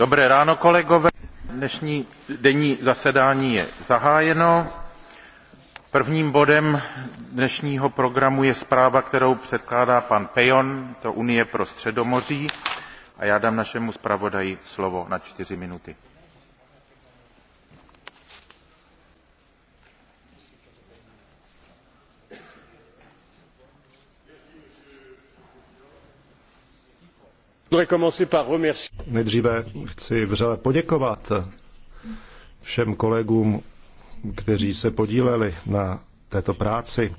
Dobré ráno, kolegové. Dnešní denní zasedání je zahájeno. Prvním bodem dnešního programu je zpráva, kterou předkládá pan Pejon, to Unie pro středomoří. A já dám našemu zpravodaji slovo na čtyři minuty. Nejdříve chci vřele poděkovat všem kolegům, kteří se podíleli na této práci.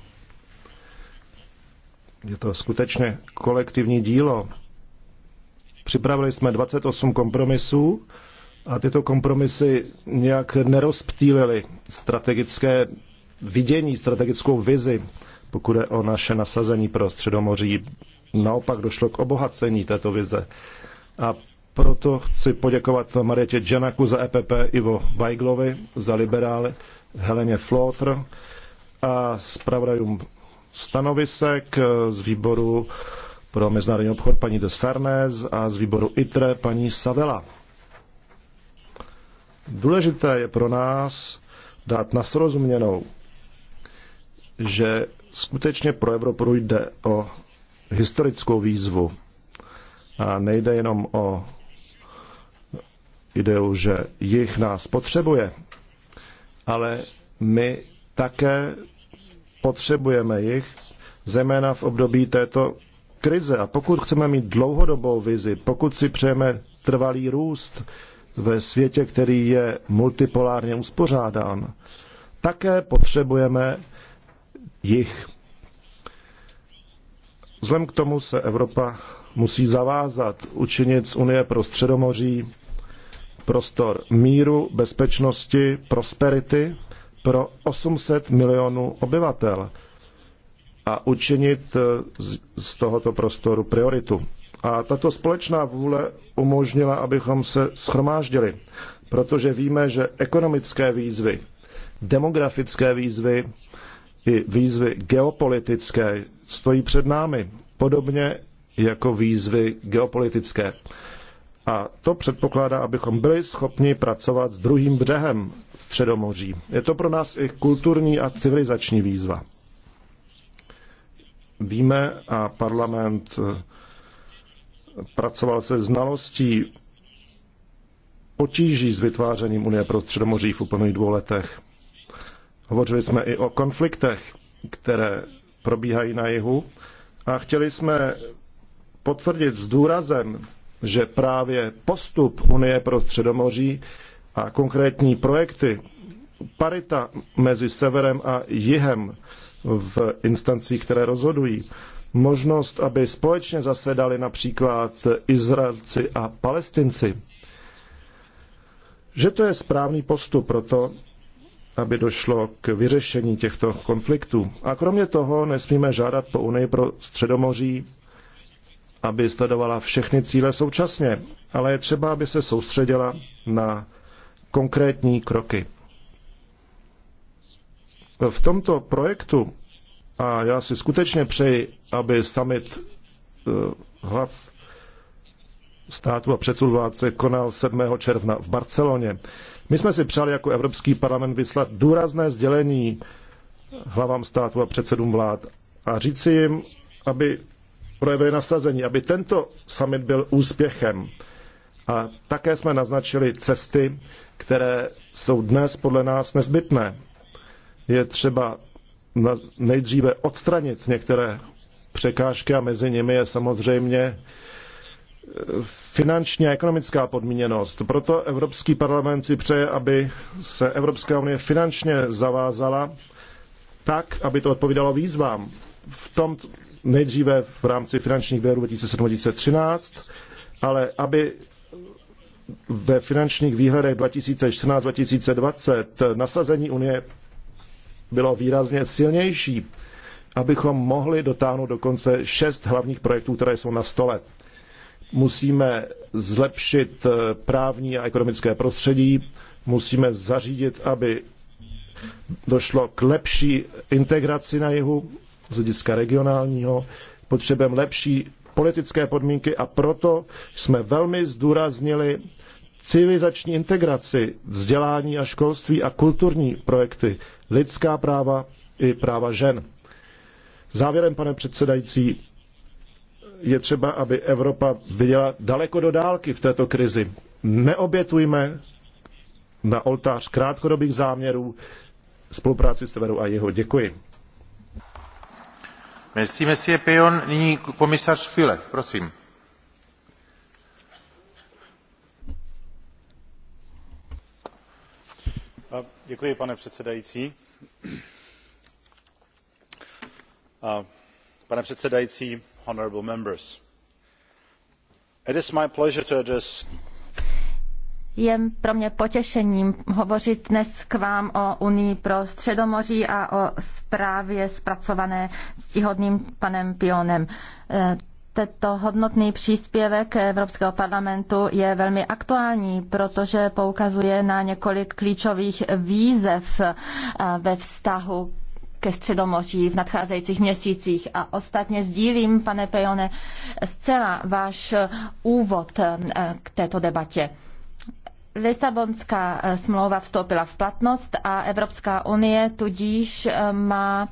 Je to skutečně kolektivní dílo. Připravili jsme 28 kompromisů a tyto kompromisy nějak nerozptýlily strategické vidění, strategickou vizi, pokud je o naše nasazení pro Středomoří naopak došlo k obohacení této vize. A proto chci poděkovat Marietě Džanaku za EPP, Ivo Weiglovi za liberály, Heleně Flotr a zpravodajům stanovisek z výboru pro mezinárodní obchod paní de Sarnes a z výboru ITRE paní Savela. Důležité je pro nás dát na srozuměnou, že skutečně pro Evropu jde o historickou výzvu. A nejde jenom o ideu, že jich nás potřebuje, ale my také potřebujeme jich, zejména v období této krize. A pokud chceme mít dlouhodobou vizi, pokud si přejeme trvalý růst ve světě, který je multipolárně uspořádán, také potřebujeme jich Vzhledem k tomu se Evropa musí zavázat učinit z Unie pro středomoří prostor míru, bezpečnosti, prosperity pro 800 milionů obyvatel a učinit eh, z tohoto prostoru prioritu. A tato společná vůle umožnila, abychom se schromáždili, protože víme, že ekonomické výzvy, demografické výzvy i výzvy geopolitické stojí před námi, podobně jako výzvy geopolitické. A to předpokládá, abychom byli schopni pracovat s druhým břehem Středomoří. Je to pro nás i kulturní a civilizační výzva. Víme a parlament eh, pracoval se znalostí potíží s vytvářením Unie pro Středomoří v úplných dvou letech. Hovořili jsme i o konfliktech, které probíhají na jihu a chtěli jsme potvrdit s důrazem, že právě postup Unie pro Středomoří a konkrétní projekty, parita mezi severem a jihem v instancích, které rozhodují, možnost, aby společně zasedali například Izraelci a Palestinci, že to je správný postup pro to, aby došlo k vyřešení těchto konfliktů. A kromě toho nesmíme žádat po Unii pro Středomoří, aby sledovala všechny cíle současně, ale je třeba, aby se soustředila na konkrétní kroky. V tomto projektu, a já si skutečně přeji, aby summit eh, hlav státu a předsudů konal 7. června v Barceloně, my jsme si přáli jako Evropský parlament vyslat důrazné sdělení hlavám státu a předsedům vlád a říci jim, aby projevili nasazení, aby tento summit byl úspěchem. A také jsme naznačili cesty, které jsou dnes podle nás nezbytné. Je třeba nejdříve odstranit některé překážky a mezi nimi je samozřejmě finanční a ekonomická podmíněnost. Proto Evropský parlament si přeje, aby se Evropská unie finančně zavázala tak, aby to odpovídalo výzvám. V tom nejdříve v rámci finančních výhledů 2007-2013, ale aby ve finančních výhledech 2014-2020 nasazení Unie bylo výrazně silnější, abychom mohli dotáhnout dokonce šest hlavních projektů, které jsou na stole. Musíme zlepšit eh, právní a ekonomické prostředí, musíme zařídit, aby došlo k lepší integraci na jihu z hlediska regionálního, potřebujeme lepší politické podmínky a proto jsme velmi zdůraznili civilizační integraci, vzdělání a školství a kulturní projekty, lidská práva i práva žen. Závěrem, pane předsedající, je třeba, aby Evropa viděla daleko do dálky v této krizi. Neobětujme na oltář krátkodobých záměrů spolupráci severu a jihu. Děkuji. Merci, merci, Pion. Nyní komisař Fille, prosím. Děkuji, pane předsedající. Pane předsedající, honourable members it is my pleasure to address je pro mě potěšením hovořit dnes k vám o Unii pro Středomoří a o zprávě zpracované ctihodným panem Pionem. E, tento hodnotný příspěvek Evropského parlamentu je velmi aktuální, protože poukazuje na několik klíčových výzev e, ve vztahu ke Středomoří v nadcházejících měsících. A ostatně sdílím, pane Pejone, zcela váš eh, úvod eh, k této debatě. Lisabonská eh, smlouva vstoupila v platnost a Evropská unie tudíž má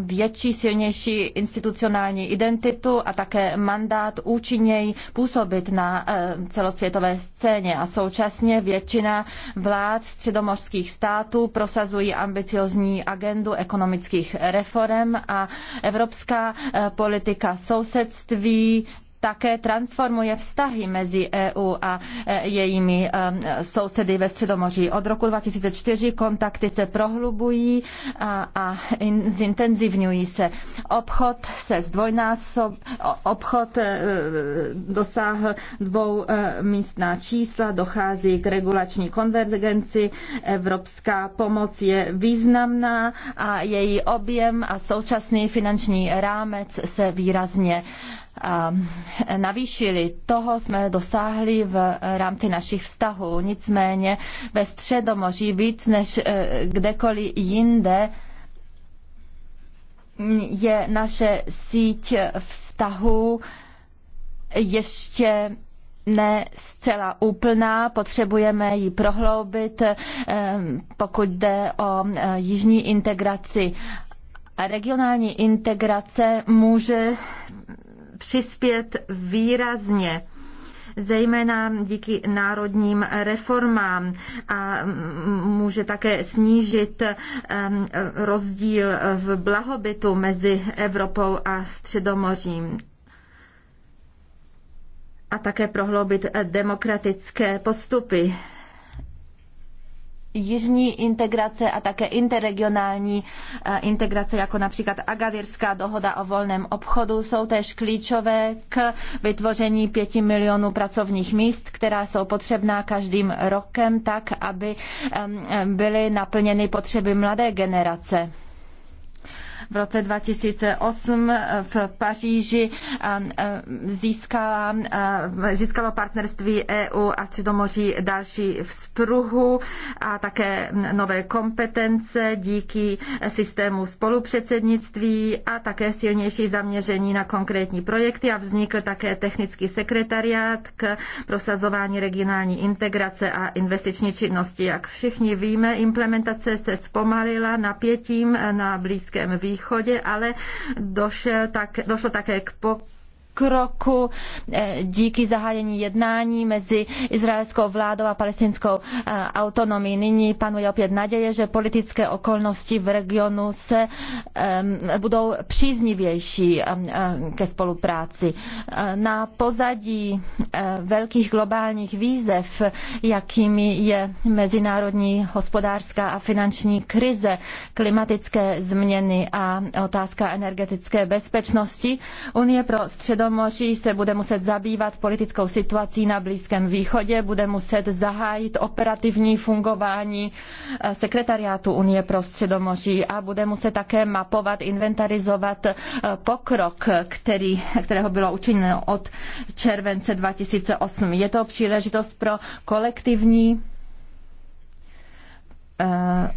větší, silnější institucionální identitu a také mandát účinněji působit na eh, celosvětové scéně. A současně většina vlád středomořských států prosazují ambiciozní agendu ekonomických reform a evropská eh, politika sousedství také transformuje vztahy mezi EU a e, jejími e, sousedy ve Středomoří. Od roku 2004 kontakty se prohlubují a, a in, zintenzivňují se. Obchod se zdvojnásob, obchod e, dosáhl dvou místná čísla, dochází k regulační konvergenci, evropská pomoc je významná a její objem a současný finanční rámec se výrazně Ehm, navýšili. Toho jsme dosáhli v rámci našich vztahů. Nicméně ve Středomoří víc než eh, kdekoliv jinde je naše síť vztahů ještě ne zcela úplná, potřebujeme ji prohloubit, ehm, pokud jde o eh, jižní integraci. Regionální integrace může přispět výrazně zejména díky národním reformám a může také snížit rozdíl v blahobytu mezi Evropou a Středomořím a také prohloubit demokratické postupy jižní integrace a také interregionální eh, integrace, jako například Agadirská dohoda o volném obchodu, jsou též klíčové k vytvoření pěti milionů pracovních míst, která jsou potřebná každým rokem tak, aby byly naplněny potřeby mladé generace v roce 2008 v Paříži získala, získalo partnerství EU a Středomoří další vzpruhu a také nové kompetence díky systému spolupředsednictví a také silnější zaměření na konkrétní projekty a vznikl také technický sekretariát k prosazování regionální integrace a investiční činnosti. Jak všichni víme, implementace se zpomalila napětím na Blízkém východě východě, ale došel tak, došlo také k pokroku kroku eh, díky zahájení jednání mezi izraelskou vládou a palestinskou eh, autonomií. Nyní panuje opět naděje, že politické okolnosti v regionu se budou příznivější eh, ke spolupráci. Na pozadí velkých globálních výzev, jakými je mezinárodní hospodářská a finanční krize, klimatické změny a otázka energetické bezpečnosti, Unie pro středo Středomoří se bude muset zabývat politickou situací na Blízkém východě, bude muset zahájit operativní fungování eh, sekretariátu Unie pro Středomoří a bude muset také mapovat, inventarizovat eh, pokrok, který, kterého bylo učiněno od července 2008. Je to příležitost pro kolektivní Eh,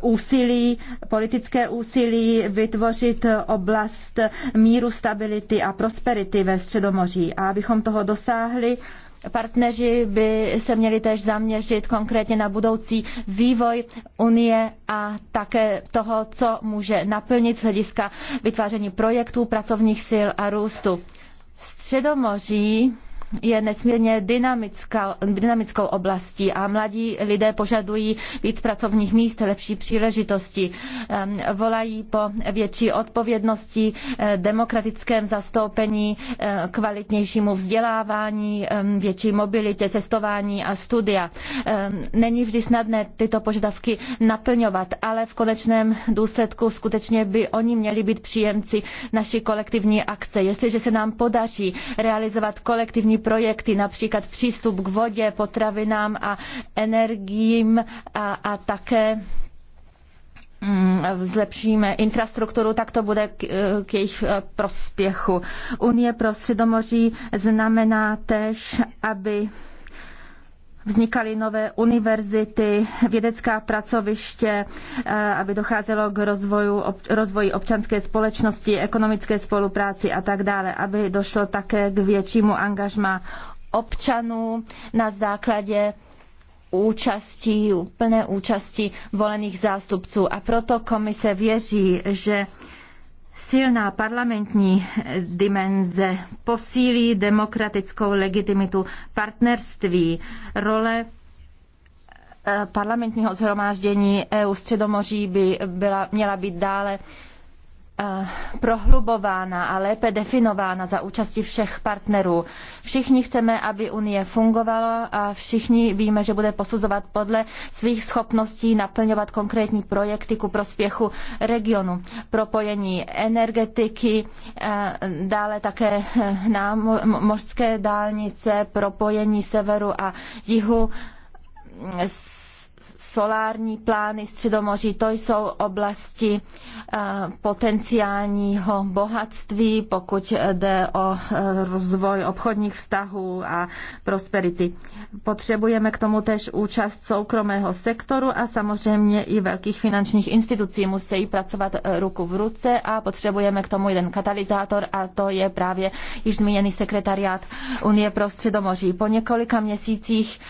úsilí, politické úsilí vytvořit oblast míru, stability a prosperity ve Středomoří. A abychom toho dosáhli, partneři by se měli též zaměřit konkrétně na budoucí vývoj Unie a také toho, co může naplnit z hlediska vytváření projektů, pracovních sil a růstu. Středomoří je nesmírně dynamická, dynamickou oblastí a mladí lidé požadují víc pracovních míst, lepší příležitosti, volají po větší odpovědnosti, eh, demokratickém zastoupení, eh, kvalitnějšímu vzdělávání, větší mobilitě, cestování a studia. Není vždy snadné tyto požadavky naplňovat, ale v konečném důsledku skutečně by oni měli být příjemci naší kolektivní akce. Jestliže se nám podaří realizovat kolektivní projekty, například přístup k vodě, potravinám a energiím a, a také mm, zlepšíme infrastrukturu, tak to bude k, k jejich prospěchu. Unie pro Středomoří znamená tež, aby vznikaly nové univerzity, vědecká pracoviště, eh, aby docházelo k rozvoju, rozvoji občanské společnosti, ekonomické spolupráci a tak dále, aby došlo také k většímu angažmá občanů na základě účasti, úplné účasti volených zástupců. A proto komise věří, že Silná parlamentní dimenze posílí demokratickou legitimitu partnerství, role eh, parlamentního zhromáždění EU Středomoří by byla, měla být dále prohlubována a lépe definována za účasti všech partnerů. Všichni chceme, aby Unie fungovala a všichni víme, že bude posuzovat podle svých schopností naplňovat konkrétní projekty ku prospěchu regionu. Propojení energetiky, dále také eh, mořské dálnice, propojení severu a jihu s solární plány Středomoří, to jsou oblasti eh, potenciálního bohatství, pokud jde o eh, rozvoj obchodních vztahů a prosperity. Potřebujeme k tomu tež účast soukromého sektoru a samozřejmě i velkých finančních institucí. Musí pracovat eh, ruku v ruce a potřebujeme k tomu jeden katalyzátor a to je právě již zmíněný sekretariát Unie pro Středomoří. Po několika měsících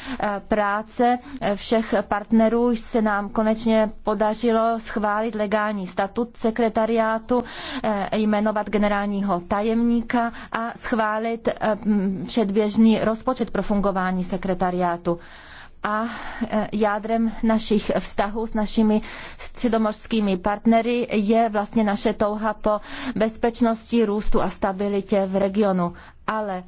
práce všech partnerů Nigeru se nám konečně podařilo schválit legální statut sekretariátu, eh, jmenovat generálního tajemníka a schválit eh, předběžný rozpočet pro fungování sekretariátu a eh, jádrem našich vztahů s našimi středomořskými partnery je vlastně naše touha po bezpečnosti, růstu a stabilitě v regionu. Ale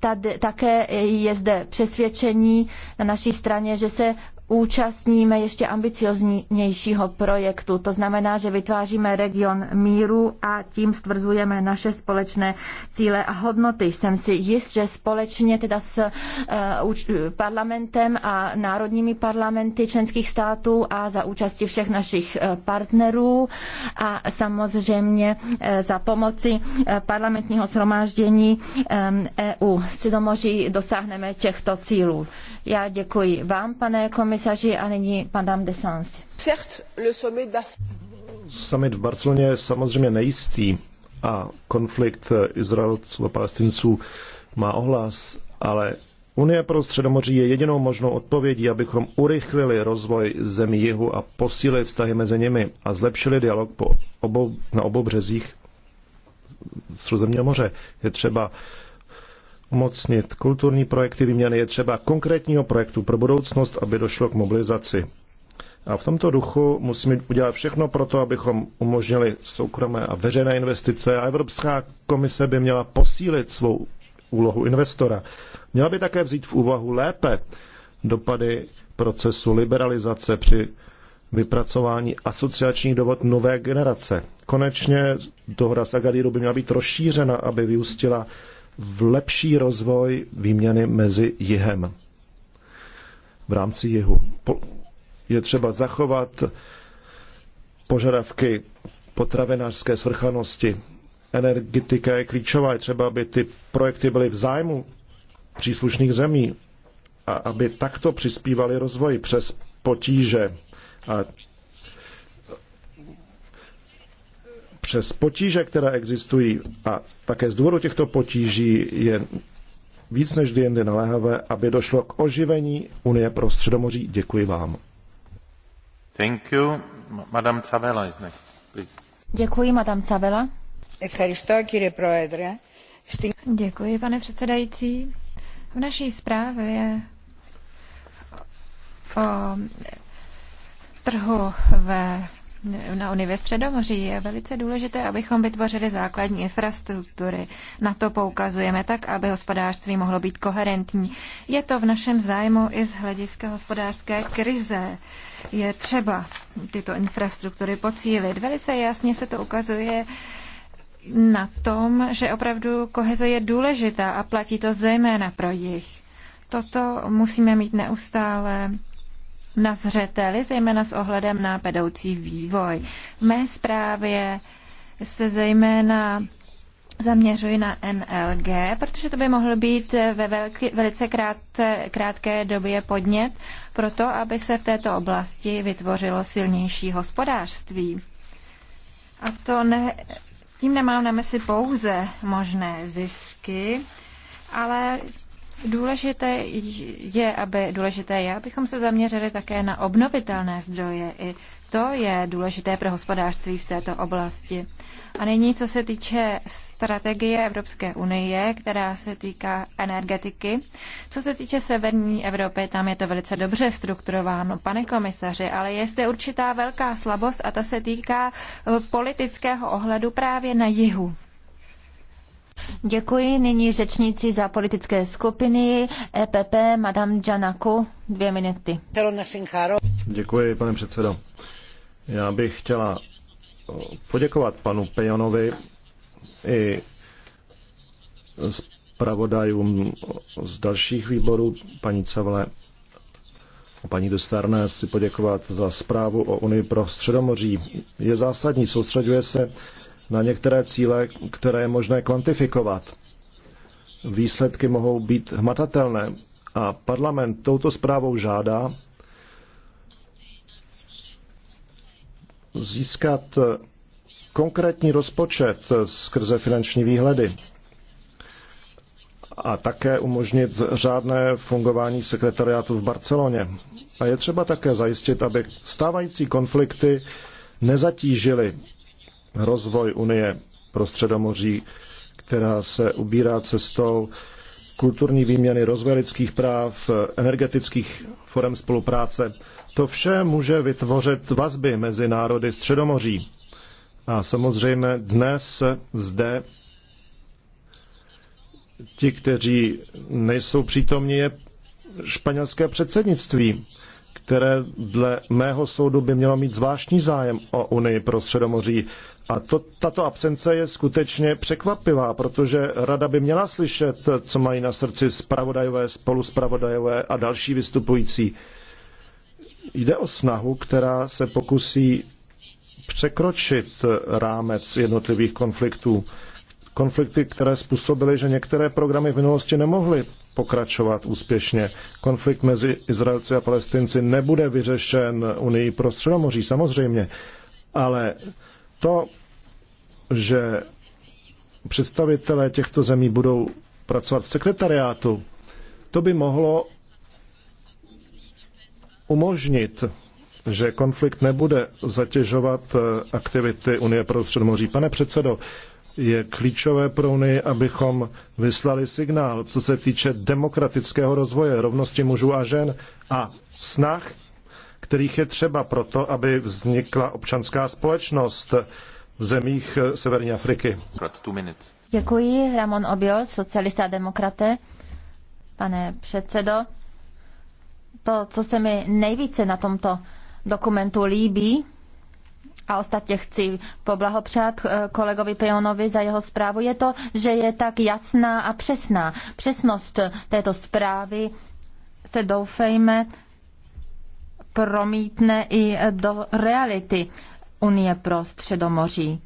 tady, také je zde přesvědčení na naší straně, že se účastníme ještě ambicioznějšího projektu. To znamená, že vytváříme region míru a tím stvrzujeme naše společné cíle a hodnoty. Jsem si jist, že společně teda s eh, parlamentem a národními parlamenty členských států a za účasti všech našich eh, partnerů a samozřejmě eh, za pomoci parlamentního shromáždění EU e Středomoří dosáhneme těchto cílů. Já děkuji vám, pane komisaři, a nyní Madame de Sans. Summit v Barceloně je samozřejmě nejistý a konflikt Izraelců a Palestinců má ohlas, ale Unie pro Středomoří je jedinou možnou odpovědí, abychom urychlili rozvoj zemí jihu a posílili vztahy mezi nimi a zlepšili dialog po obou, na obou březích Středozemního moře. Je třeba umocnit. Kulturní projekty výměny je třeba konkrétního projektu pro budoucnost, aby došlo k mobilizaci. A v tomto duchu musíme udělat všechno pro to, abychom umožnili soukromé a veřejné investice a Evropská komise by měla posílit svou úlohu investora. Měla by také vzít v úvahu lépe dopady procesu liberalizace při vypracování asociačních dohod nové generace. Konečně dohoda s Agadíru by měla být rozšířena, aby vyústila v lepší rozvoj výměny mezi jihem. V rámci jihu je třeba zachovat požadavky potravinářské svrchanosti. Energetika je klíčová, je třeba, aby ty projekty byly v zájmu příslušných zemí a aby takto přispívali rozvoji přes potíže. A přes potíže, které existují a také z důvodu těchto potíží je víc než kdy jindy naléhavé, aby došlo k oživení Unie pro Středomoří. Děkuji vám. Thank you. Madame Cavela is next, please. Děkuji, Madame Cavela. Děkuji, pane předsedající. V naší zprávě o trhu ve na Unii ve Středomoří je velice důležité, abychom vytvořili základní infrastruktury. Na to poukazujeme tak, aby hospodářství mohlo být koherentní. Je to v našem zájmu i z hlediska hospodářské krize. Je třeba tyto infrastruktury pocílit. Velice jasně se to ukazuje na tom, že opravdu koheze je důležitá a platí to zejména pro jich. Toto musíme mít neustále na zřeteli, zejména s ohledem na pedoucí vývoj. V mé zprávě se zejména zaměřuji na NLG, protože to by mohl být ve velký, velice krát, krátké době podnět pro to, aby se v této oblasti vytvořilo silnější hospodářství. A to ne, tím nemám na mysli pouze možné zisky, ale Důležité je, aby, důležité je, abychom se zaměřili také na obnovitelné zdroje. I to je důležité pro hospodářství v této oblasti. A nyní, co se týče strategie Evropské unie, která se týká energetiky. Co se týče severní Evropy, tam je to velice dobře strukturováno, pane komisaři, ale je zde určitá velká slabost a ta se týká politického ohledu právě na jihu. Děkuji nyní řečníci za politické skupiny EPP, Madame Janaku, dvě minuty. Děkuji, pane předsedo. Já bych chtěla poděkovat panu Pejonovi i zpravodajům z dalších výborů, paní Cavle a paní Dostarné, si poděkovat za zprávu o Unii pro Středomoří. Je zásadní, soustředuje se na některé cíle, které je možné kvantifikovat. Výsledky mohou být hmatatelné a parlament touto zprávou žádá získat konkrétní rozpočet skrze finanční výhledy a také umožnit řádné fungování sekretariátu v Barceloně. A je třeba také zajistit, aby stávající konflikty nezatížily rozvoj Unie pro Středomoří, která se ubírá cestou kulturní výměny, rozvoje lidských práv, energetických forem spolupráce. To vše může vytvořit vazby mezi národy Středomoří. A samozřejmě dnes zde ti, kteří nejsou přítomní, je španělské předsednictví které dle mého soudu by mělo mít zvláštní zájem o Unii pro Středomoří. A to, tato absence je skutečně překvapivá, protože Rada by měla slyšet, co mají na srdci spravodajové, spoluspravodajové a další vystupující. Jde o snahu, která se pokusí překročit rámec jednotlivých konfliktů konflikty, které způsobily, že některé programy v minulosti nemohly pokračovat úspěšně. Konflikt mezi Izraelci a Palestinci nebude vyřešen Unii pro Středomoří, samozřejmě, ale to, že představitelé těchto zemí budou pracovat v sekretariátu, to by mohlo umožnit, že konflikt nebude zatěžovat eh, aktivity Unie pro Středomoří. Pane předsedo, je klíčové pro Unii, abychom vyslali signál, co se týče demokratického rozvoje, rovnosti mužů a žen a snah, kterých je třeba proto, aby vznikla občanská společnost v zemích eh, Severní Afriky. Děkuji, Ramon Obiol, socialista a demokraté. Pane předsedo, to, co se mi nejvíce na tomto dokumentu líbí, a ostatně chci poblahopřát eh, kolegovi Pejonovi za jeho zprávu, je to, že je tak jasná a přesná. Přesnost této zprávy se doufejme promítne i do reality Unie pro Středomoří.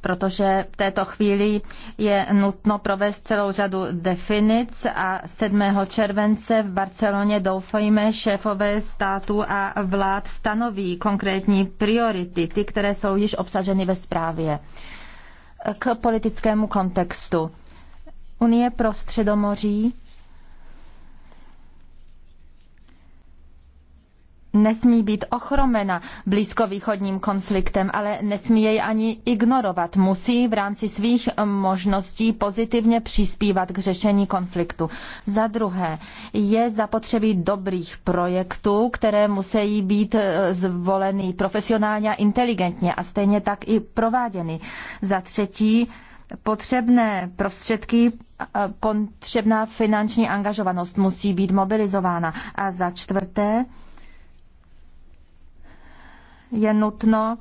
protože v této chvíli je nutno provést celou řadu definic a 7. července v Barceloně doufejme šéfové států a vlád stanoví konkrétní priority, ty, které jsou již obsaženy ve zprávě. K politickému kontextu. Unie pro středomoří nesmí být ochromena blízkovýchodním konfliktem, ale nesmí jej ani ignorovat. Musí v rámci svých eh, možností pozitivně přispívat k řešení konfliktu. Za druhé, je zapotřebí dobrých projektů, které musí být eh, zvoleny profesionálně a inteligentně a stejně tak i prováděny. Za třetí, potřebné prostředky, eh, potřebná finanční angažovanost musí být mobilizována. A za čtvrté, je nutno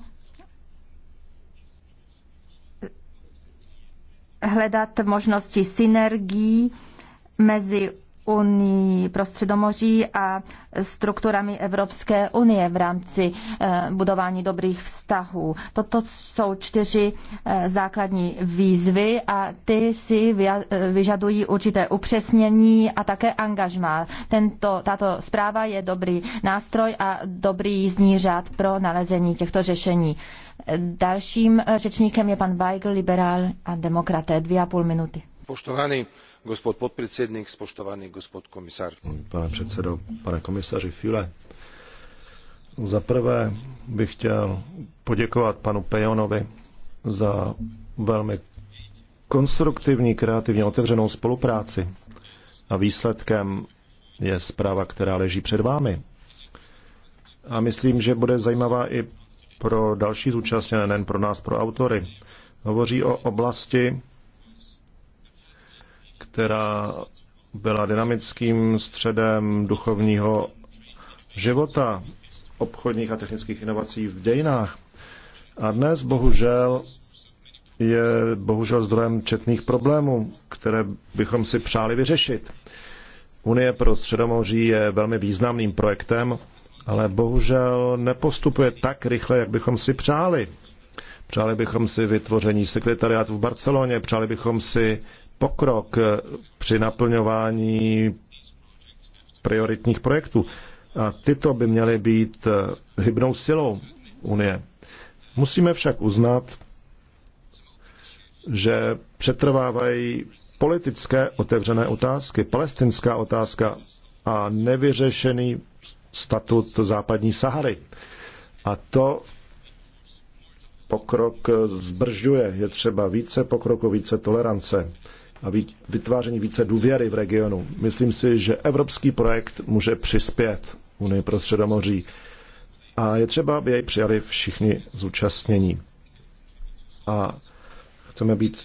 hledat možnosti synergií mezi unii pro Středomoří a strukturami Evropské unie v rámci eh, budování dobrých vztahů. Toto jsou čtyři eh, základní výzvy a ty si eh, vyžadují určité upřesnění a také angažmá. Tento, tato zpráva je dobrý nástroj a dobrý jízdní řád pro nalezení těchto řešení. Dalším řečníkem je pan Weigl, liberál a demokraté. Dvě a půl minuty. Poštovaný gospod podpredsednik, spoštovani gospod komisar. Pane předsedo, pane komisaři File, za prvé bych chtěl poděkovat panu Pejonovi za velmi konstruktivní, kreativně otevřenou spolupráci. A výsledkem je zpráva, která leží před vámi. A myslím, že bude zajímavá i pro další zúčastněné, nejen pro nás, pro autory. Hovoří o oblasti, která byla dynamickým středem duchovního života obchodních a technických inovací v dějinách. A dnes bohužel je bohužel zdrojem četných problémů, které bychom si přáli vyřešit. Unie pro Středomoří je velmi významným projektem, ale bohužel nepostupuje tak rychle, jak bychom si přáli. Přáli bychom si vytvoření sekretariátu v Barceloně, přáli bychom si pokrok při naplňování prioritních projektů. A tyto by měly být hybnou silou Unie. Musíme však uznat, že přetrvávají politické otevřené otázky, palestinská otázka a nevyřešený statut západní Sahary. A to pokrok zbržuje. Je třeba více pokroku, více tolerance a vytváření více důvěry v regionu. Myslím si, že evropský projekt může přispět Unii pro Středomoří a je třeba, aby jej přijali všichni zúčastnění. A chceme být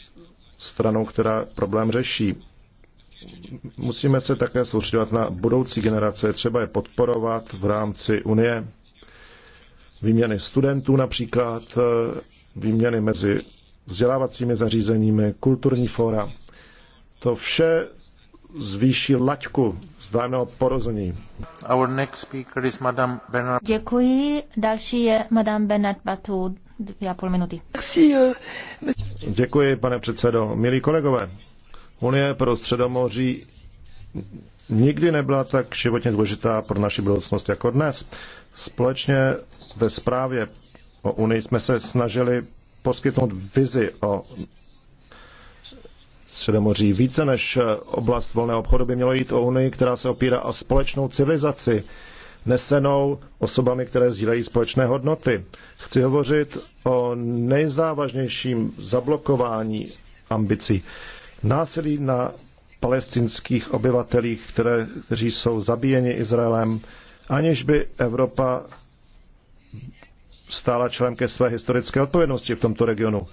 stranou, která problém řeší. Musíme se také soustředovat na budoucí generace, třeba je podporovat v rámci Unie výměny studentů například, e, výměny mezi vzdělávacími zařízeními, kulturní fóra. To vše zvýší laťku zdáného porození. Our next speaker is Madame Bernard. Děkuji. Další je Madame Bernard Batu. Dvě a půl minuty. Euh, Děkuji, pane předsedo. Milí kolegové, Unie pro středomoří nikdy nebyla tak životně důležitá pro naši budoucnost jako dnes. Společně ve zprávě o Unii jsme se snažili poskytnout vizi o Středomoří. Více než oblast volného obchodu by mělo jít o Unii, která se opírá o společnou civilizaci, nesenou osobami, které sdílejí společné hodnoty. Chci hovořit o nejzávažnějším zablokování ambicí. Násilí na palestinských obyvatelích, které, kteří jsou zabíjeni Izraelem, aniž by Evropa stála členkem své historické odpovědnosti v tomto regionu.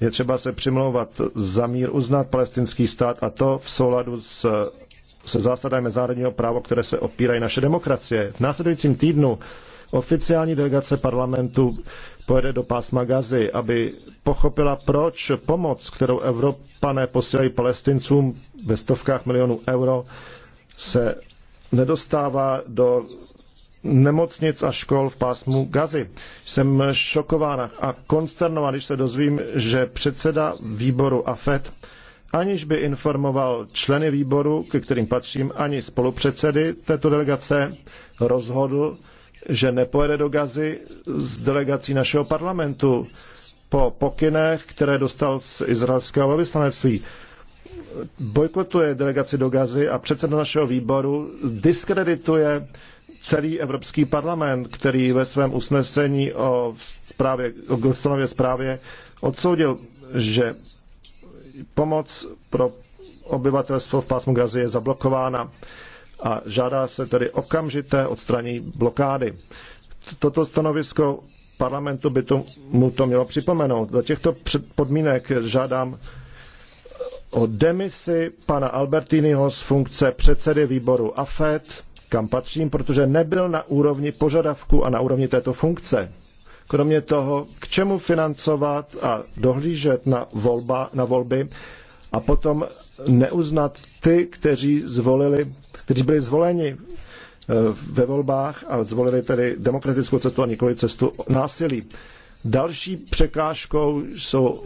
Je třeba se přimlouvat za mír, uznat palestinský stát a to v souladu s, se zásadami mezinárodního práva, které se opírají naše demokracie. V následujícím týdnu oficiální delegace parlamentu pojede do pásma Gazy, aby pochopila, proč pomoc, kterou Evropané posílají palestincům ve stovkách milionů euro, se nedostává do nemocnic a škol v pásmu Gazy. Jsem šokována a konsternována, když se dozvím, že předseda výboru AFET, aniž by informoval členy výboru, ke kterým patřím, ani spolupředsedy této delegace, rozhodl, že nepojede do Gazy s delegací našeho parlamentu po pokynech, které dostal z izraelského velvyslanectví bojkotuje delegaci do Gazy a předseda našeho výboru diskredituje celý Evropský parlament, který ve svém usnesení o, zprávě, o Gilstonově zprávě odsoudil, že pomoc pro obyvatelstvo v pásmu Gazy je zablokována a žádá se tedy okamžité odstranění blokády. Toto stanovisko parlamentu by mu to mělo připomenout. Za těchto podmínek žádám o demisi pana Albertiniho z funkce předsedy výboru AFET kam patřím, protože nebyl na úrovni požadavku a na úrovni této funkce. Kromě toho, k čemu financovat a dohlížet na, volba, na volby a potom neuznat ty, kteří zvolili, kteří byli zvoleni eh, ve volbách a zvolili tedy demokratickou cestu a nikoli cestu násilí. Další překážkou jsou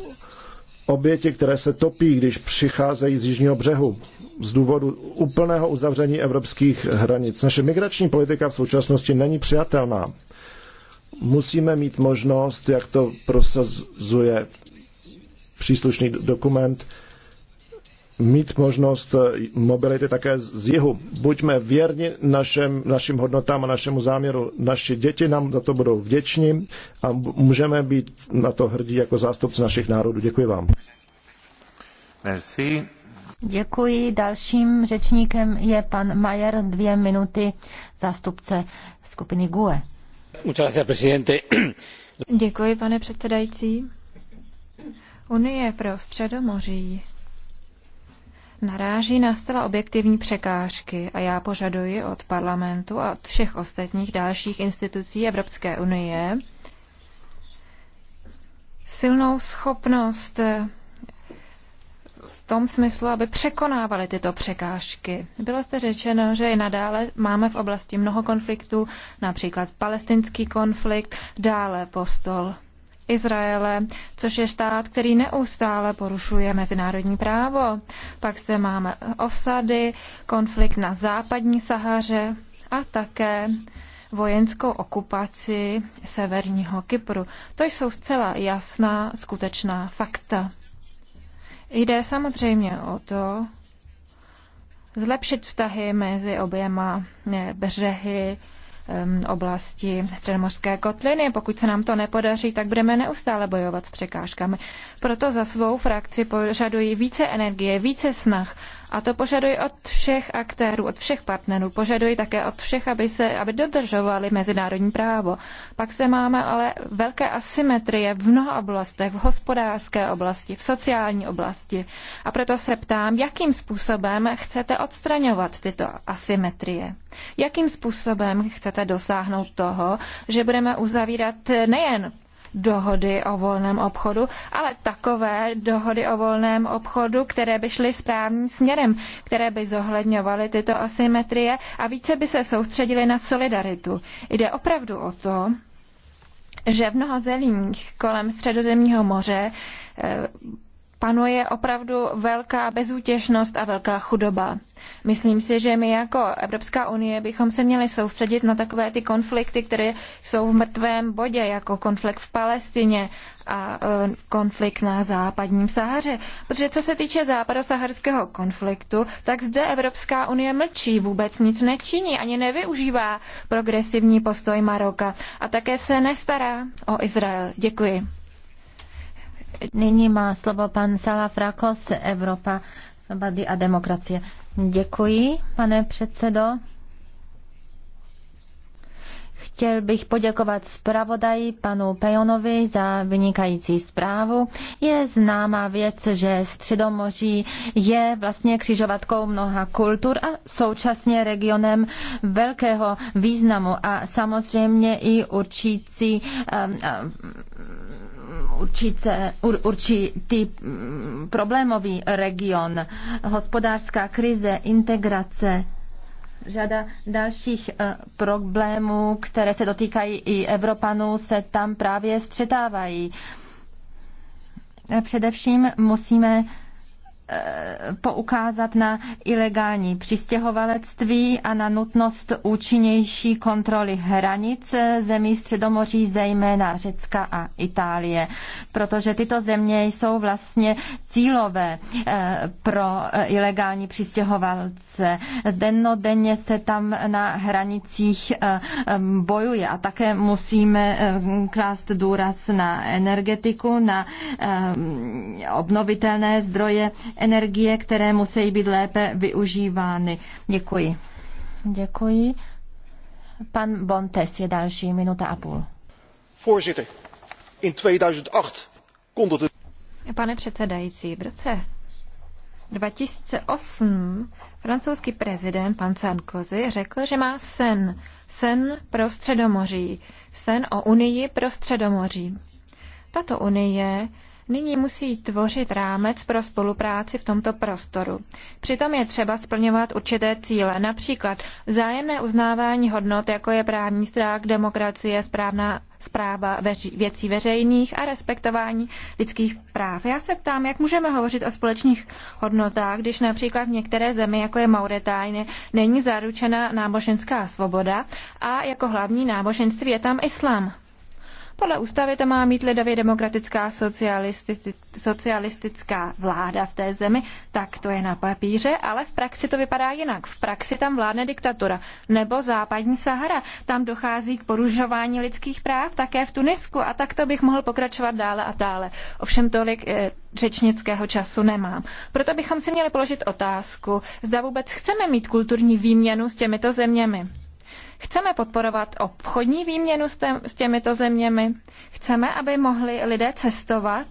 oběti, které se topí, když přicházejí z jižního břehu z důvodu úplného uzavření evropských hranic. Naše migrační politika v současnosti není přijatelná. Musíme mít možnost, jak to prosazuje příslušný dokument, mít možnost eh, mobility také z jihu. Buďme věrni našem, našim hodnotám a našemu záměru. Naši děti nám za to budou vděční a můžeme být na to hrdí jako zástupci našich národů. Děkuji vám. Merci. Děkuji. Dalším řečníkem je pan Majer, dvě minuty, zástupce skupiny GUE. Děkuji, pane předsedající. Unie pro středomoří naráží na zcela objektivní překážky a já požaduji od parlamentu a od všech ostatních dalších institucí Evropské unie silnou schopnost v tom smyslu, aby překonávali tyto překážky. Bylo jste řečeno, že i nadále máme v oblasti mnoho konfliktů, například palestinský konflikt, dále postol Izraele, což je stát, který neustále porušuje mezinárodní právo. Pak zde máme osady, konflikt na západní Sahaře a také vojenskou okupaci severního Kypru. To jsou zcela jasná, skutečná fakta. Jde samozřejmě o to, zlepšit vztahy mezi oběma břehy oblasti středomořské kotliny. Pokud se nám to nepodaří, tak budeme neustále bojovat s překážkami. Proto za svou frakci požadují více energie, více snah a to požaduji od všech aktérů, od všech partnerů. Požaduji také od všech, aby, se, aby dodržovali mezinárodní právo. Pak se máme ale velké asymetrie v mnoha oblastech, v hospodářské oblasti, v sociální oblasti. A proto se ptám, jakým způsobem chcete odstraňovat tyto asymetrie? Jakým způsobem chcete dosáhnout toho, že budeme uzavírat nejen dohody o volném obchodu, ale takové dohody o volném obchodu, které by šly správným směrem, které by zohledňovaly tyto asymetrie a více by se soustředily na solidaritu. Jde opravdu o to, že v mnoha zemích kolem Středozemního moře eh, panuje opravdu velká bezútěšnost a velká chudoba. Myslím si, že my jako Evropská unie bychom se měli soustředit na takové ty konflikty, které jsou v mrtvém bodě, jako konflikt v Palestině a e, konflikt na západním Sahaře. Protože co se týče západosaharského konfliktu, tak zde Evropská unie mlčí, vůbec nic nečiní, ani nevyužívá progresivní postoj Maroka a také se nestará o Izrael. Děkuji. Nyní má slovo pan Salafrakos, Evropa, svobody a demokracie. Děkuji, pane předsedo. Chtěl bych poděkovat zpravodaji panu Pejonovi za vynikající zprávu. Je známá věc, že Středomoří je vlastně křižovatkou mnoha kultur a současně regionem velkého významu a samozřejmě i určící um, um, určité, ur, určitý mm, problémový region. Hospodářská krize, integrace, řada dalších e, problémů, které se dotýkají i Evropanů, se tam právě střetávají. E, především musíme poukázat na ilegální přistěhovalectví a na nutnost účinnější kontroly hranic zemí Středomoří, zejména Řecka a Itálie, protože tyto země jsou vlastně cílové eh, pro eh, ilegální přistěhovalce. Dennodenně se tam na hranicích eh, bojuje a také musíme klást důraz na energetiku, na obnovitelné zdroje energie, které musí být lépe využívány. Děkuji. Děkuji. Pan Bontes je další, minuta a půl. Voorzitter, in 2008 konde de... Pane předsedající, v roce 2008 francouzský prezident pan Sarkozy řekl, že má sen. Sen pro středomoří. Sen o unii pro středomoří. Tato unie nyní musí tvořit rámec pro spolupráci v tomto prostoru. Přitom je třeba splňovat určité cíle, například vzájemné uznávání hodnot, jako je právní strák, demokracie, správná zpráva veři, věcí veřejných a respektování lidských práv. Já se ptám, jak můžeme hovořit o společných hodnotách, když například v některé zemi, jako je Mauretánie, není zaručena náboženská svoboda a jako hlavní náboženství je tam islám. Podle ústavy to má mít lidově demokratická socialistická vláda v té zemi, tak to je na papíře, ale v praxi to vypadá jinak. V praxi tam vládne diktatura nebo západní Sahara. Tam dochází k porušování lidských práv také v Tunisku a takto bych mohl pokračovat dále a dále. Ovšem tolik eh, řečnického času nemám. Proto bychom si měli položit otázku, zda vůbec chceme mít kulturní výměnu s těmito zeměmi. Chceme podporovat obchodní výměnu s těmito zeměmi. Chceme, aby mohli lidé cestovat.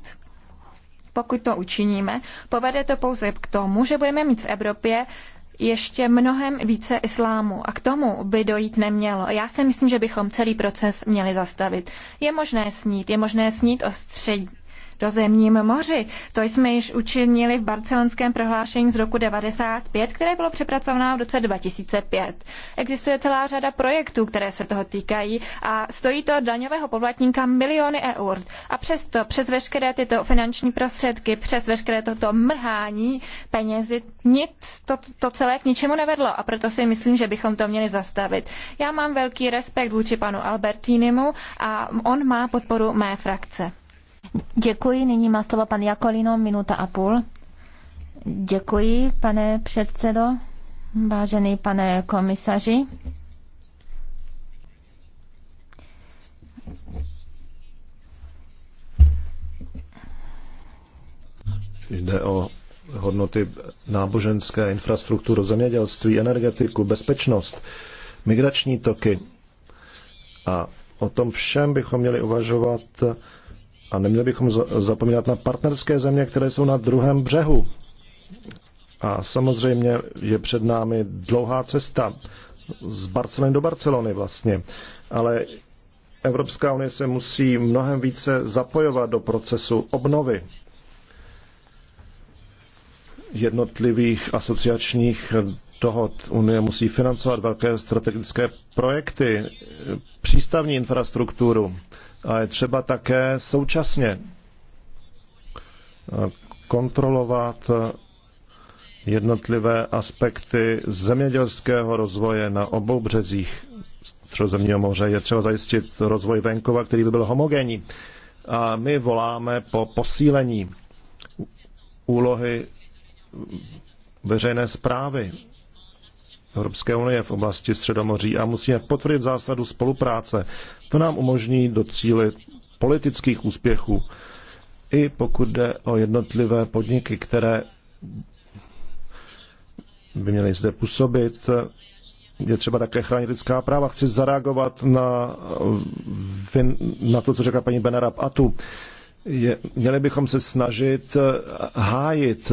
Pokud to učiníme, povede to pouze k tomu, že budeme mít v Evropě ještě mnohem více islámu a k tomu by dojít nemělo. Já si myslím, že bychom celý proces měli zastavit. Je možné snít, je možné snít o střed, do zemním moři. To jsme již učinili v barcelonském prohlášení z roku 95, které bylo přepracováno v roce 2005. Existuje celá řada projektů, které se toho týkají a stojí to daňového poplatníka miliony eur. A přesto přes veškeré tyto finanční prostředky, přes veškeré toto mrhání penězi, nic to, to celé k ničemu nevedlo a proto si myslím, že bychom to měli zastavit. Já mám velký respekt vůči panu Albertínimu a on má podporu mé frakce. Děkuji. Nyní má slovo pan Jakolino, minuta a půl. Děkuji, pane předsedo, vážený pane komisaři. Jde o hodnoty náboženské, infrastrukturu, zemědělství, energetiku, bezpečnost, migrační toky. A o tom všem bychom měli uvažovat a neměli bychom zapomínat na partnerské země, které jsou na druhém břehu. A samozřejmě je před námi dlouhá cesta z Barcelony do Barcelony vlastně. Ale Evropská unie se musí mnohem více zapojovat do procesu obnovy jednotlivých asociačních dohod. Unie musí financovat velké strategické projekty, přístavní infrastrukturu, a je třeba také současně eh, kontrolovat eh, jednotlivé aspekty zemědělského rozvoje na obou březích Středozemního moře. Je třeba zajistit rozvoj venkova, který by byl homogenní. A my voláme po posílení úlohy veřejné zprávy Evropské unie v oblasti Středomoří a musíme potvrdit zásadu spolupráce. To nám umožní docílit politických úspěchů, i pokud jde o jednotlivé podniky, které by měly zde působit. Je třeba také chránit lidská práva. Chci zareagovat na, na to, co řekla paní Benarab Atu. Je, měli bychom se snažit hájit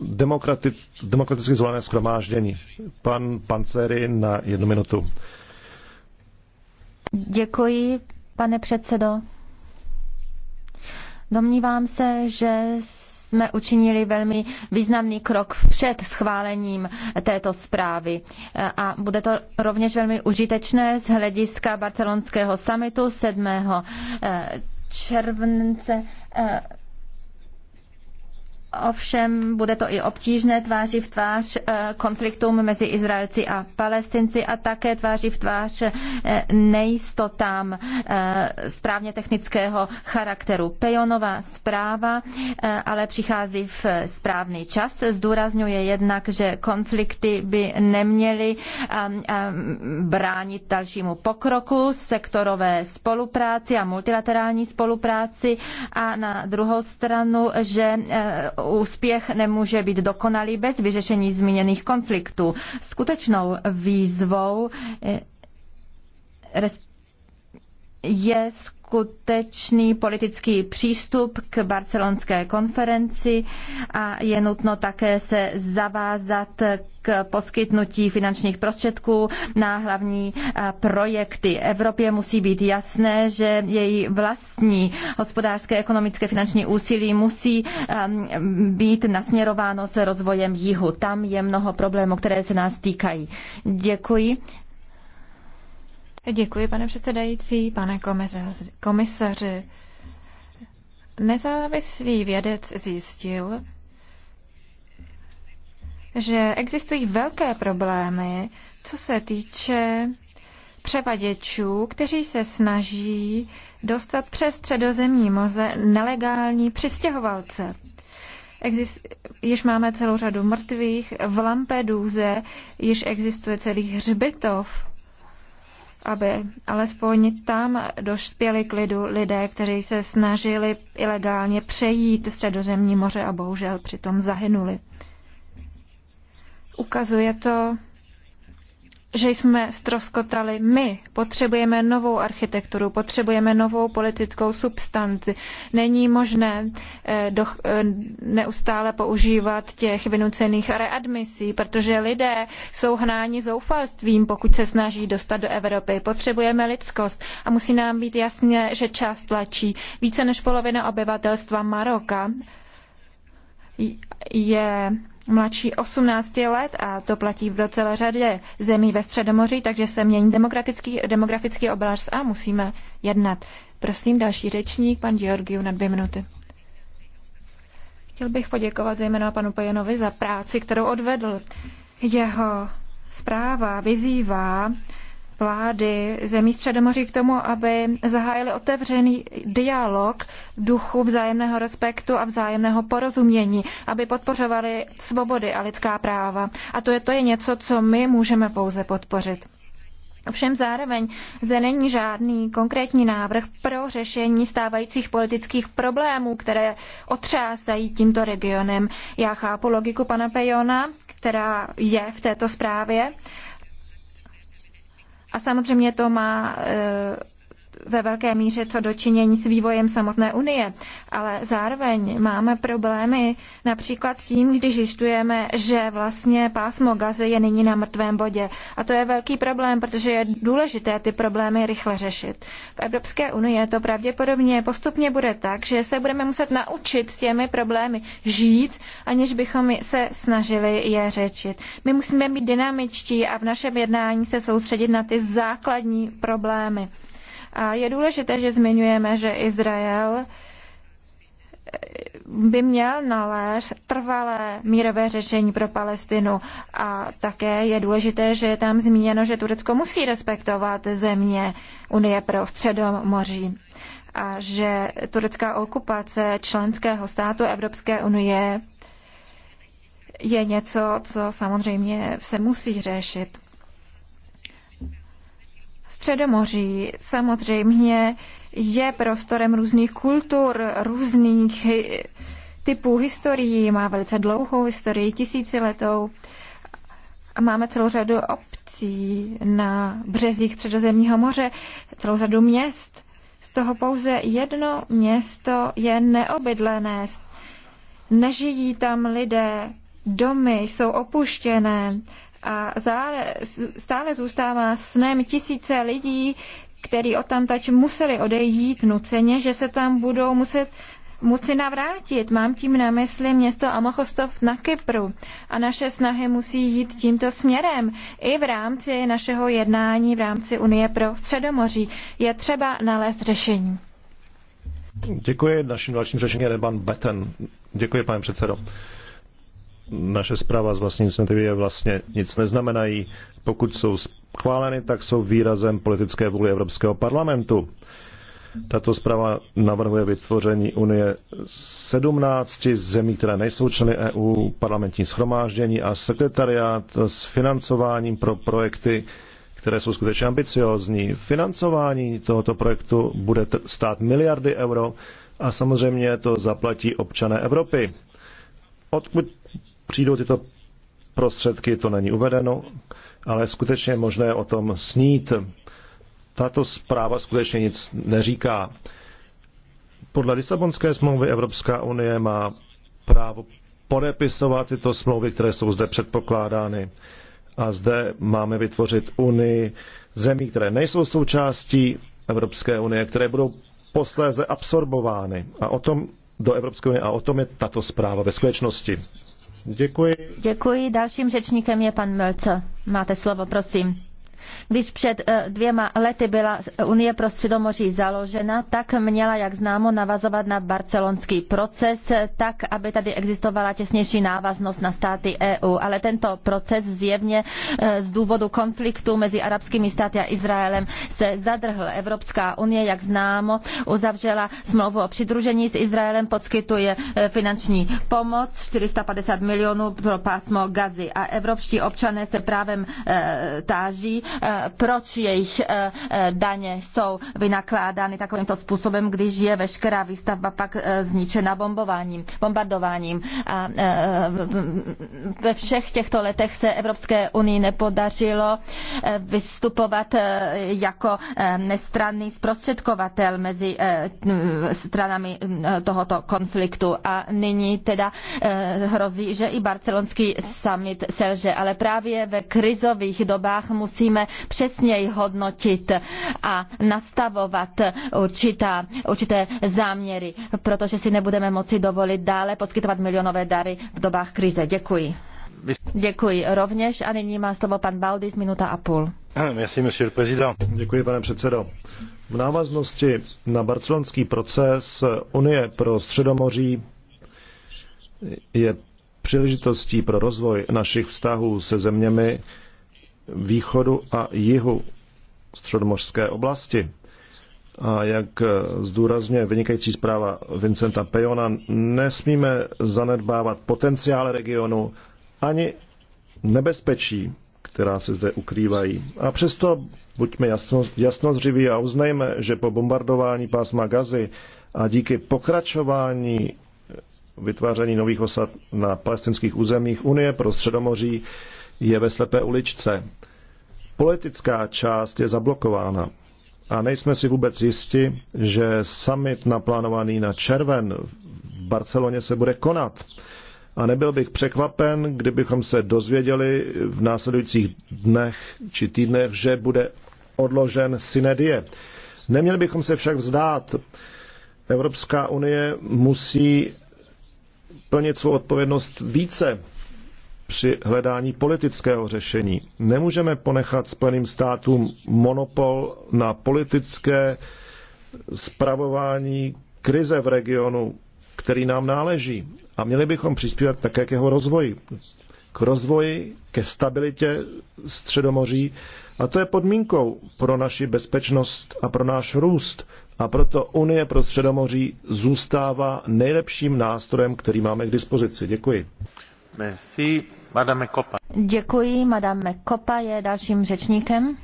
demokratic, demokraticky zvolené schromáždění. Pan Pancery na jednu minutu. Děkuji, pane předsedo. Domnívám se, že jsme učinili velmi významný krok před schválením této zprávy. A bude to rovněž velmi užitečné z hlediska barcelonského summitu 7. Eh, července eh, Ovšem bude to i obtížné tváří v tvář eh, konfliktům mezi Izraelci a Palestinci a také tváří v tvář eh, nejistotám eh, správně technického charakteru. Pejonová zpráva ale přichází v správný čas. Zdůrazňuje jednak, že konflikty by neměly bránit dalšímu pokroku, sektorové spolupráci a multilaterální spolupráci a na druhou stranu, že úspěch nemůže být dokonalý bez vyřešení zmíněných konfliktů. Skutečnou výzvou eh, je skutečný politický přístup k barcelonské konferenci a je nutno také se zavázat k poskytnutí finančních prostředků na hlavní eh, projekty. Evropě musí být jasné, že její vlastní hospodářské, ekonomické, finanční úsilí musí ehm, být nasměrováno se rozvojem jihu. Tam je mnoho problémů, které se nás týkají. Děkuji. Děkuji, pane předsedající, pane komisaři. Nezávislý vědec zjistil, že existují velké problémy, co se týče převaděčů, kteří se snaží dostat přes středozemní moze nelegální přistěhovalce. Exist, již máme celou řadu mrtvých, v Lampeduze již existuje celý hřbitov aby alespoň tam dospěli k lidu lidé, kteří se snažili ilegálně přejít středozemní moře a bohužel přitom zahynuli. Ukazuje to že jsme stroskotali my. Potřebujeme novou architekturu, potřebujeme novou politickou substanci. Není možné eh, eh, neustále používat těch vynucených readmisí, protože lidé jsou hnáni zoufalstvím, pokud se snaží dostat do Evropy. Potřebujeme lidskost a musí nám být jasně, že čas tlačí. Více než polovina obyvatelstva Maroka je mladší 18 let a to platí v celé řadě zemí ve Středomoří, takže se mění demokratický, demografický obraz a musíme jednat. Prosím, další řečník, pan Georgiu, na dvě minuty. Chtěl bych poděkovat zejména panu Pojenovi za práci, kterou odvedl. Jeho zpráva vyzývá vlády zemí Středomoří k tomu, aby zahájili otevřený dialog v duchu vzájemného respektu a vzájemného porozumění, aby podpořovali svobody a lidská práva. A to je, to je něco, co my můžeme pouze podpořit. Ovšem zároveň zde není žádný konkrétní návrh pro řešení stávajících politických problémů, které otřásají tímto regionem. Já chápu logiku pana Pejona, která je v této zprávě, a samozřejmě to má eh, ve velké míře co dočinění s vývojem samotné Unie, ale zároveň máme problémy například tím, když zjišťujeme, že vlastně pásmo gazy je nyní na mrtvém bodě. A to je velký problém, protože je důležité ty problémy rychle řešit. V Evropské unii to pravděpodobně postupně bude tak, že se budeme muset naučit s těmi problémy žít, aniž bychom se snažili je řečit. My musíme být dynamičtí a v našem jednání se soustředit na ty základní problémy. A je důležité, že zmiňujeme, že Izrael by měl nalézt trvalé mírové řešení pro Palestinu. A také je důležité, že je tam zmíněno, že Turecko musí respektovat země Unie pro moří. a že turecká okupace členského státu Evropské unie je něco, co samozřejmě se musí řešit. Středomoří samozřejmě je prostorem různých kultur, různých typů historií, má velice dlouhou historii, tisíciletou. A máme celou řadu obcí na březích Středozemního moře, celou řadu měst. Z toho pouze jedno město je neobydlené. Nežijí tam lidé, domy jsou opuštěné a zále, stále zůstává snem tisíce lidí, který odtamtať museli odejít nuceně, že se tam budou muset moci navrátit. Mám tím na mysli město Amochostov na Kypru. A naše snahy musí jít tímto směrem. I v rámci našeho jednání v rámci Unie pro Středomoří je třeba nalézt řešení. Děkuji. Naším dalším řešením je Reban Beten. Děkuji, pane předsedo naše zpráva z vlastní iniciativy je vlastně nic neznamenají. Pokud jsou schváleny, tak jsou výrazem politické vůli Evropského parlamentu. Tato zpráva navrhuje vytvoření Unie 17 zemí, které nejsou členy EU, parlamentní schromáždění a sekretariát s financováním pro projekty, které jsou skutečně ambiciózní. Financování tohoto projektu bude stát miliardy euro a samozřejmě to zaplatí občané Evropy. Odkud přijdou tyto prostředky, to není uvedeno, ale skutečně je možné o tom snít. Tato zpráva skutečně nic neříká. Podle Lisabonské smlouvy Evropská unie má právo podepisovat tyto smlouvy, které jsou zde předpokládány. A zde máme vytvořit unii zemí, které nejsou součástí Evropské unie, které budou posléze absorbovány. A o tom do Evropské unie a o tom je tato zpráva ve skutečnosti. Děkuji. Děkuji. Dalším řečníkem je pan Mölco. Máte slovo, prosím. Když před eh, dvěma lety byla Unie pro Středomoří založena, tak měla, jak známo, navazovat na barcelonský proces, eh, tak, aby tady existovala těsnější návaznost na státy EU. Ale tento proces zjevně eh, z důvodu konfliktu mezi arabskými státy a Izraelem se zadrhl. Evropská unie, jak známo, uzavřela smlouvu o přidružení s Izraelem, poskytuje finanční pomoc 450 milionů pro pásmo Gazy a evropští občané se právem táží, Eh, proč jejich eh, eh, daně jsou vynakládány takovýmto způsobem, když je veškerá výstavba pak zničena bombováním, bombardováním. A ve všech těchto letech se Evropské unii nepodařilo vystupovat jako nestranný zprostředkovatel mezi stranami tohoto konfliktu. A nyní teda hrozí, že i barcelonský summit selže. Ale právě ve krizových dobách musíme musíme přesněji hodnotit a nastavovat určitá, určité záměry, protože si nebudeme moci dovolit dále poskytovat milionové dary v dobách krize. Děkuji. Děkuji rovněž a nyní má slovo pan Baldis, minuta a půl. Ah, Děkuji, pane předsedo. V návaznosti na barcelonský proces Unie pro Středomoří je příležitostí pro rozvoj našich vztahů se zeměmi, východu a jihu středomořské oblasti. A jak zdůrazňuje vynikající zpráva Vincenta Pejona, nesmíme zanedbávat potenciál regionu ani nebezpečí, která se zde ukrývají. A přesto buďme jasno, jasnozřiví a uznejme, že po bombardování pásma Gazy a díky pokračování vytváření nových osad na palestinských územích Unie pro Středomoří je ve slepé uličce. Politická část je zablokována a nejsme si vůbec jisti, že summit naplánovaný na červen v Barceloně se bude konat. A nebyl bych překvapen, kdybychom se dozvěděli v následujících dnech či týdnech, že bude odložen synedie. Neměli bychom se však vzdát. Evropská unie musí plnit svou odpovědnost více při hledání politického řešení. Nemůžeme ponechat Spojeným státům monopol na politické zpravování krize v regionu, který nám náleží. A měli bychom přispívat také k jeho rozvoji. K rozvoji, ke stabilitě Středomoří. A to je podmínkou pro naši bezpečnost a pro náš růst. A proto Unie pro Středomoří zůstává nejlepším nástrojem, který máme k dispozici. Děkuji. Merci. Madame Kopa. Děkuji, madame Kopa je dalším řečníkem.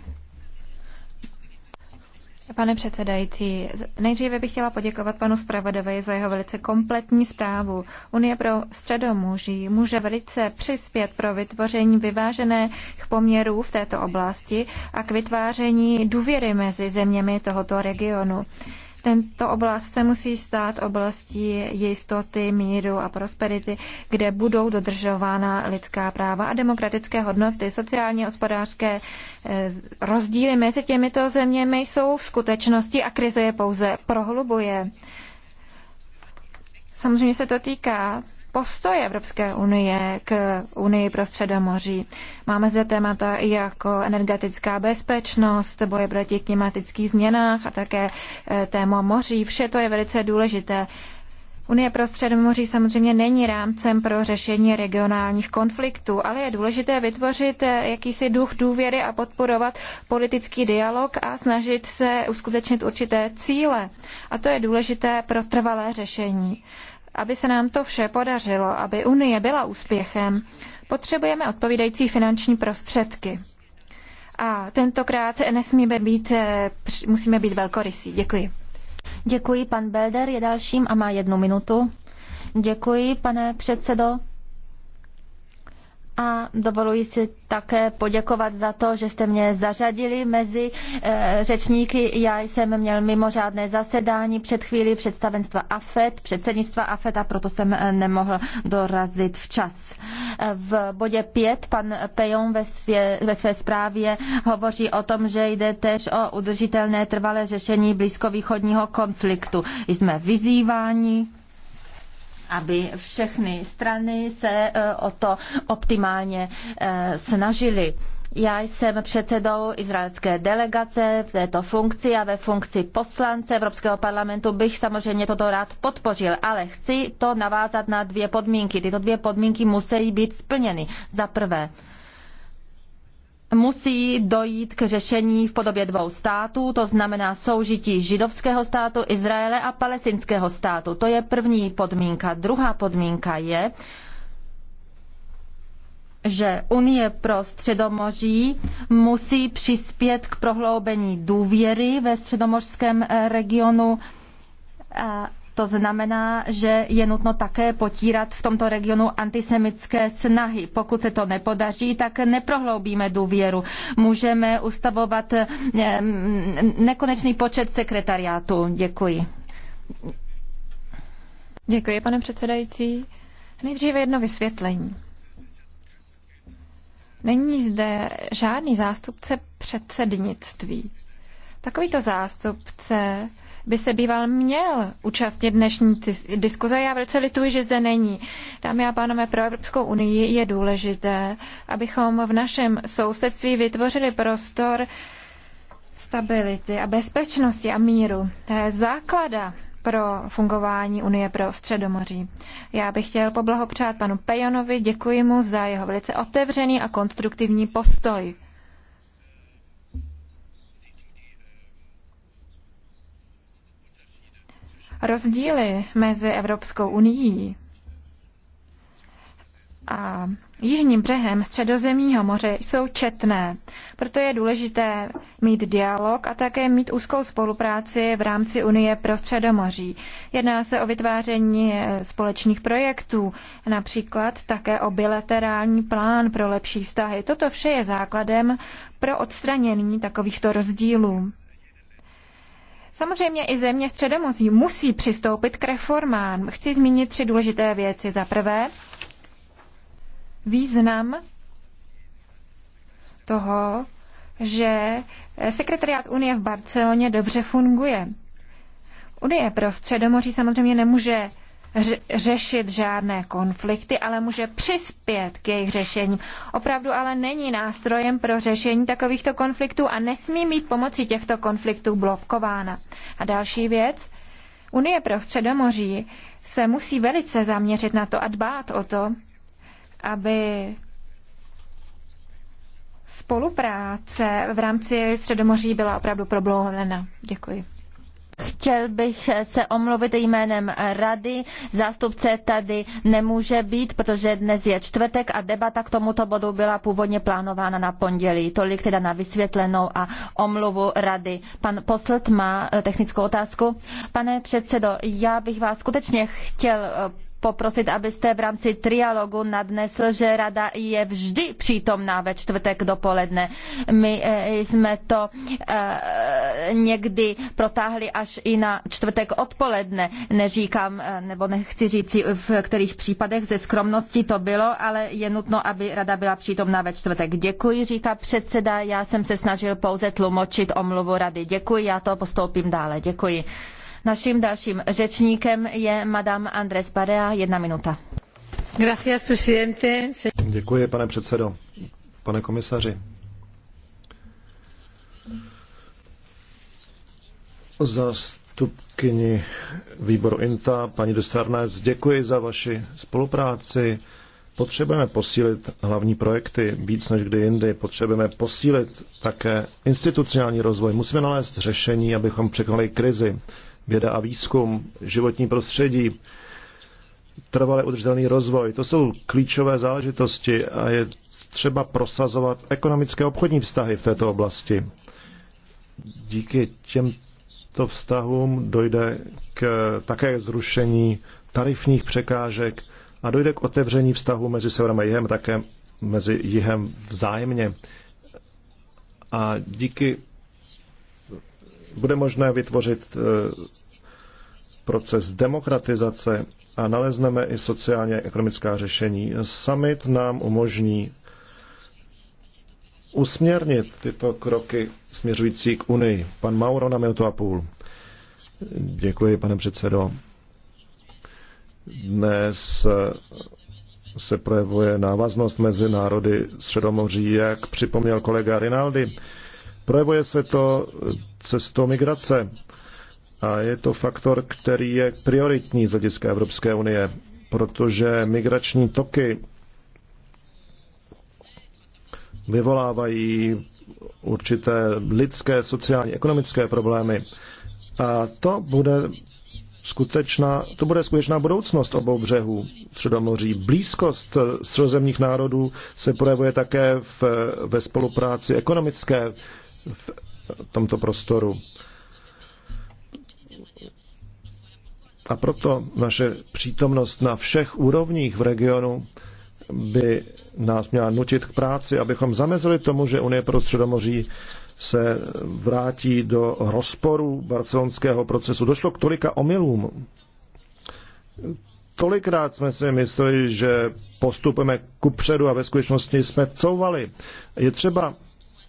Pane předsedající, nejdříve bych chtěla poděkovat panu Spravodovi za jeho velice kompletní zprávu. Unie pro středomuží může velice přispět pro vytvoření vyvážených poměrů v této oblasti a k vytváření důvěry mezi zeměmi tohoto regionu. Tento oblast se musí stát oblastí jistoty, míru a prosperity, kde budou dodržována lidská práva a demokratické hodnoty. Sociálně hospodářské eh, rozdíly mezi těmito zeměmi jsou v skutečnosti a krize je pouze prohlubuje. Samozřejmě se to týká postoje Evropské unie k Unii pro středomoří. Máme zde témata jako energetická bezpečnost, boje proti klimatických změnách a také e, téma moří. Vše to je velice důležité. Unie pro středomoří samozřejmě není rámcem pro řešení regionálních konfliktů, ale je důležité vytvořit e, jakýsi duch důvěry a podporovat politický dialog a snažit se uskutečnit určité cíle. A to je důležité pro trvalé řešení. Aby se nám to vše podařilo, aby Unie byla úspěchem, potřebujeme odpovídající finanční prostředky. A tentokrát nesmíme být, eh, musíme být velkorysí. Děkuji. Děkuji, pan Belder je dalším a má jednu minutu. Děkuji, pane předsedo a dovoluji si také poděkovat za to, že jste mě zařadili mezi eh, řečníky. Já jsem měl mimořádné zasedání před chvíli představenstva AFET, předsednictva AFET a proto jsem eh, nemohl dorazit včas. Eh, v bodě 5 pan Pejon ve, svě, ve své zprávě hovoří o tom, že jde tež o udržitelné trvalé řešení blízkovýchodního konfliktu. Jsme vyzýváni aby všechny strany se eh, o to optimálně eh, snažily. Já jsem předsedou izraelské delegace v této funkci a ve funkci poslance Evropského parlamentu bych samozřejmě toto rád podpořil, ale chci to navázat na dvě podmínky. Tyto dvě podmínky musí být splněny. Za prvé, musí dojít k řešení v podobě dvou států, to znamená soužití židovského státu Izraele a palestinského státu. To je první podmínka. Druhá podmínka je, že Unie pro středomoří musí přispět k prohloubení důvěry ve středomořském regionu to znamená, že je nutno také potírat v tomto regionu antisemické snahy. Pokud se to nepodaří, tak neprohloubíme důvěru. Můžeme ustavovat eh, nekonečný počet sekretariátů. Děkuji. Děkuji, pane předsedající. Nejdříve jedno vysvětlení. Není zde žádný zástupce předsednictví. Takovýto zástupce by se býval měl účastnit dnešní diskuze. Já velice lituji, že zde není. Dámy a pánové, pro Evropskou unii je důležité, abychom v našem sousedství vytvořili prostor stability a bezpečnosti a míru. To je základa pro fungování Unie pro Středomoří. Já bych chtěl poblahopřát panu Pejonovi, děkuji mu za jeho velice otevřený a konstruktivní postoj. rozdíly mezi Evropskou unii a jižním břehem středozemního moře jsou četné. Proto je důležité mít dialog a také mít úzkou spolupráci v rámci Unie pro středomoří. Jedná se o vytváření eh, společných projektů, například také o bilaterální plán pro lepší vztahy. Toto vše je základem pro odstranění takovýchto rozdílů. Samozřejmě i země středomozí musí přistoupit k reformám. Chci zmínit tři důležité věci. Za prvé, význam toho, že sekretariát Unie v Barceloně dobře funguje. Unie pro Středomoří samozřejmě nemůže řešit žádné konflikty, ale může přispět k jejich řešení. Opravdu ale není nástrojem pro řešení takovýchto konfliktů a nesmí mít pomocí těchto konfliktů blokována. A další věc, Unie pro Středomoří se musí velice zaměřit na to a dbát o to, aby spolupráce v rámci Středomoří byla opravdu problémena. Děkuji. Chtěl bych se omluvit jménem rady. Zástupce tady nemůže být, protože dnes je čtvrtek a debata k tomuto bodu byla původně plánována na pondělí. Tolik teda na vysvětlenou a omluvu rady. Pan Poslt má eh, technickou otázku. Pane předsedo, já bych vás skutečně chtěl eh, poprosit, abyste v rámci trialogu nadnesl, že rada je vždy přítomná ve čtvrtek dopoledne. My eh, jsme to někdy protáhli až i na čtvrtek odpoledne. Neříkám, eh, nebo nechci říci, v kterých případech ze skromnosti to bylo, ale je nutno, aby rada byla přítomná ve čtvrtek. Děkuji, říká předseda. Já jsem se snažil pouze tlumočit omluvu rady. Děkuji, já to postoupím dále. Děkuji. Naším dalším řečníkem je madame Andres Barea, jedna minuta. Gracias, presidente. Děkuji, pane předsedo. Pane komisaři, zástupkyni výboru INTA, paní Dostarnes, děkuji za vaši spolupráci. Potřebujeme posílit hlavní projekty víc než kdy jindy. Potřebujeme posílit také institucionální rozvoj. Musíme nalézt řešení, abychom překonali krizi. Věda a výzkum, životní prostředí, trvalý udržitelný rozvoj. To jsou klíčové záležitosti a je třeba prosazovat ekonomické obchodní vztahy v této oblasti. Díky těm těmto vztahům dojde k také zrušení tarifních překážek a dojde k otevření vztahu mezi severem a jihem, také mezi jihem vzájemně. A díky bude možné vytvořit eh, proces demokratizace a nalezneme i sociálně ekonomická řešení. Summit nám umožní usměrnit tyto kroky směřující k Unii. Pan Mauro na minutu a půl. Děkuji, pane předsedo. Dnes se projevuje návaznost mezi národy Středomoří, jak připomněl kolega Rinaldi. Projevuje se to cestou migrace a je to faktor, který je prioritní z hlediska Evropské unie, protože migrační toky vyvolávají určité lidské, sociální, ekonomické problémy. A to bude skutečná, to bude skutečná budoucnost obou břehů Středomoří. Blízkost středozemních národů se projevuje také v, ve spolupráci ekonomické v tomto prostoru. A proto naše přítomnost na všech úrovních v regionu by nás měla nutit k práci, abychom zamezili tomu, že Unie pro Středomoří se vrátí do rozporu barcelonského procesu. Došlo k tolika omylům. Tolikrát jsme si mysleli, že postupujeme kupředu a ve skutečnosti jsme couvali. Je třeba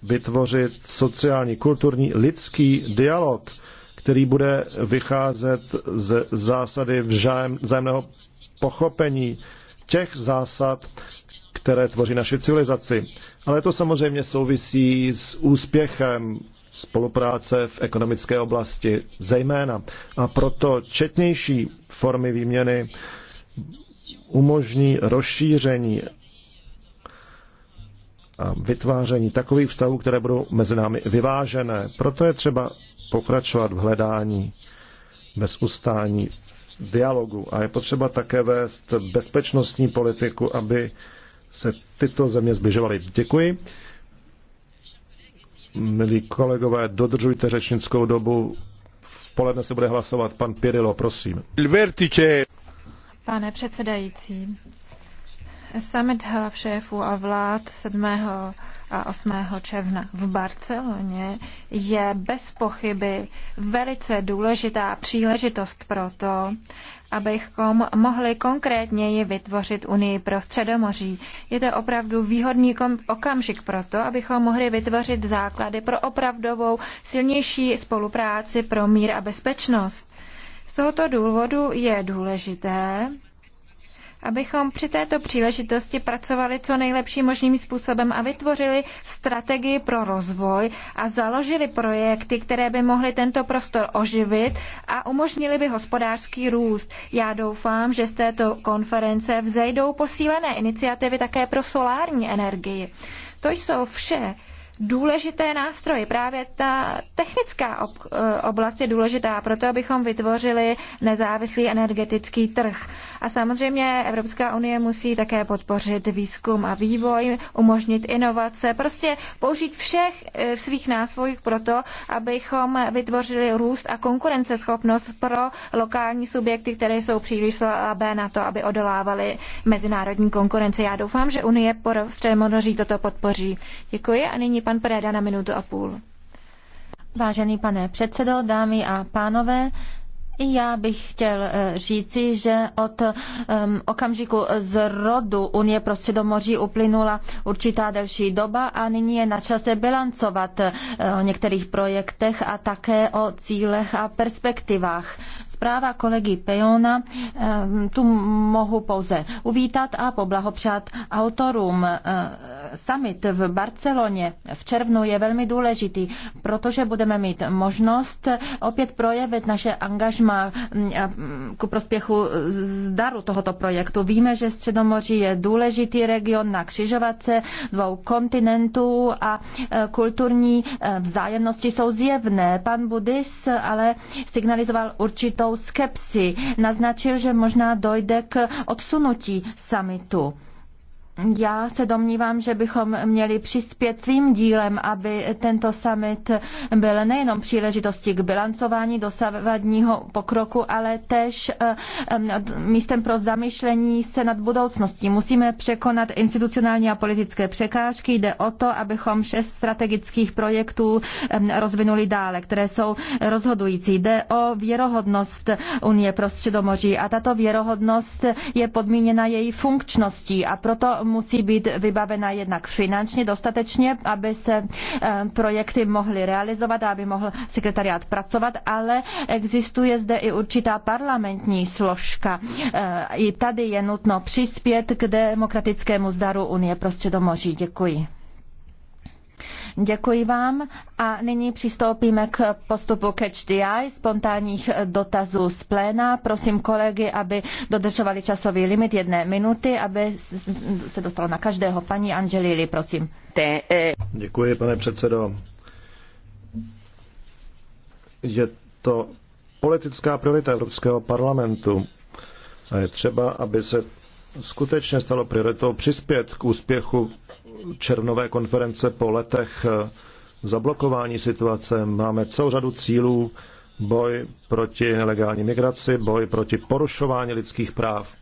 vytvořit sociální, kulturní, lidský dialog, který bude vycházet z zásady vzájemného pochopení těch zásad, které tvoří naši civilizaci. Ale to samozřejmě souvisí s úspěchem spolupráce v ekonomické oblasti zejména. A proto četnější formy výměny umožní rozšíření a vytváření takových vztahů, které budou mezi námi vyvážené. Proto je třeba pokračovat v hledání bez ustání dialogu. A je potřeba také vést bezpečnostní politiku, aby se tyto země zbližovaly. Děkuji. Milí kolegové, dodržujte řečnickou dobu. V poledne se bude hlasovat pan Pirilo, prosím. Pane předsedající, Summit hlav šéfů a vlád 7. a 8. června v Barceloně je bez pochyby velice důležitá příležitost pro to, abychom mohli konkrétněji vytvořit Unii pro Středomoří. Je to opravdu výhodný okamžik pro to, abychom mohli vytvořit základy pro opravdovou silnější spolupráci pro mír a bezpečnost. Z tohoto důvodu je důležité, abychom při této příležitosti pracovali co nejlepším možným způsobem a vytvořili strategii pro rozvoj a založili projekty, které by mohly tento prostor oživit a umožnili by hospodářský růst. Já doufám, že z této konference vzejdou posílené iniciativy také pro solární energii. To jsou vše důležité nástroje. Právě ta technická eh, oblast je důležitá pro to, abychom vytvořili nezávislý energetický trh. A samozřejmě Evropská unie musí také podpořit výzkum a vývoj, umožnit inovace, prostě použít všech eh, svých nástrojů pro to, abychom vytvořili růst a konkurenceschopnost pro lokální subjekty, které jsou příliš slabé na to, aby odolávaly mezinárodní konkurenci. Já doufám, že Unie pro Středomonoří toto podpoří. Děkuji a nyní pan Preda na minutu a půl. Vážený pane předsedo, dámy a pánové, já bych chtěl eh, říci, že od um, okamžiku zrodu Unie pro Středomoří uplynula určitá delší doba a nyní je na čase bilancovat eh, o některých projektech a také o cílech a perspektivách. Zpráva kolegy Pejona eh, tu mohu pouze uvítat a poblahopřát autorům. Eh, summit v Barceloně v červnu je velmi důležitý, protože budeme mít možnost opět projevit naše angažma mm, mm, ku prospěchu zdaru tohoto projektu. Víme, že Středomoří je důležitý region na křižovatce dvou kontinentů a eh, kulturní vzájemnosti jsou zjevné. Pan Budis ale signalizoval určitou jistou skepsi. Naznačil, že možná dojde k odsunutí samitu. Já se domnívám, že bychom měli přispět svým dílem, aby tento summit byl nejenom příležitostí k bilancování dosavadního pokroku, ale též eh, místem pro zamyšlení se nad budoucností. Musíme překonat institucionální a politické překážky. Jde o to, abychom šest strategických projektů eh, rozvinuli dále, které jsou rozhodující. Jde o věrohodnost Unie pro Středomoří a tato věrohodnost je podmíněna její funkčností a proto musí být vybavena jednak finančně dostatečně, aby se eh, projekty mohly realizovat a aby mohl sekretariát pracovat, ale existuje zde i určitá parlamentní složka. Eh, I tady je nutno přispět k demokratickému zdaru Unie prostředomoří. Děkuji. Děkuji vám a nyní přistoupíme k postupu Catch the Eye, spontánních dotazů z pléna. Prosím kolegy, aby dodržovali časový limit jedné minuty, aby se dostalo na každého. Paní Angelili, prosím. Děkuji, pane předsedo. Je to politická priorita Evropského parlamentu a je třeba, aby se skutečně stalo prioritou přispět k úspěchu červnové konference po letech eh, zablokování situace. Máme celou řadu cílů, boj proti nelegální migraci, boj proti porušování lidských práv.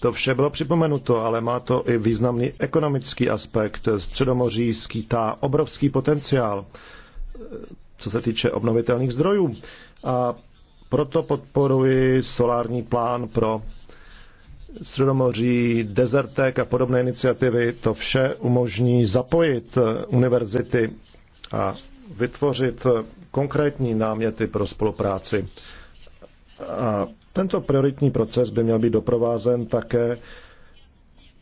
To vše bylo připomenuto, ale má to i významný ekonomický aspekt. Středomoří skýtá obrovský potenciál, eh, co se týče obnovitelných zdrojů. A proto podporuji solární plán pro Středomoří, Desertek a podobné iniciativy, to vše umožní zapojit univerzity a vytvořit konkrétní náměty pro spolupráci. A tento prioritní proces by měl být doprovázen také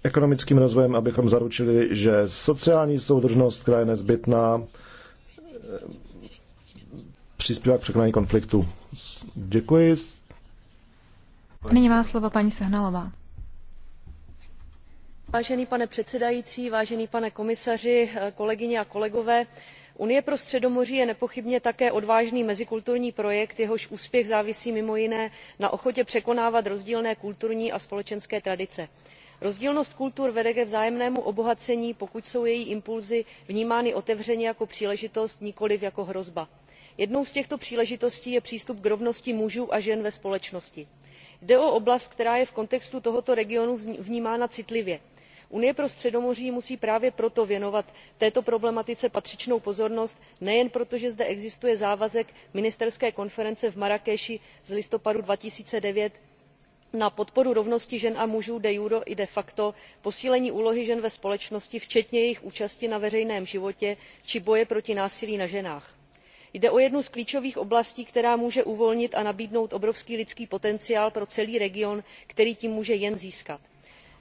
ekonomickým rozvojem, abychom zaručili, že sociální soudržnost, která je nezbytná, přispívá k překonání konfliktu. Děkuji. Nyní má slovo paní Sehnalová vážený pane předsedající vážený pane komisaři kolegyně a kolegové unie pro středomoří je nepochybně také odvážný mezikulturní projekt jehož úspěch závisí mimo jiné na ochotě překonávat rozdílné kulturní a společenské tradice. rozdílnost kultur vede ke vzájemnému obohacení pokud jsou její impulsy vnímány otevřeně jako příležitost nikoliv jako hrozba. jednou z těchto příležitostí je přístup k rovnosti mužů a žen ve společnosti. jde o oblast která je v kontextu tohoto regionu vnímána citlivě unie pro středomoří musí právě proto věnovat této problematice patřičnou pozornost nejen proto že zde existuje závazek ministerské konference v marrákeši z listopadu two thousand and nine na podporu rovnosti žen a mužů de iure i de facto posílení úlohy žen ve společnosti včetně jejich účasti na veřejném životě či boje proti násilí na ženách. jde o jednu z klíčových oblastí která může uvolnit a nabídnout obrovský lidský potenciál pro celý region který tím může jen získat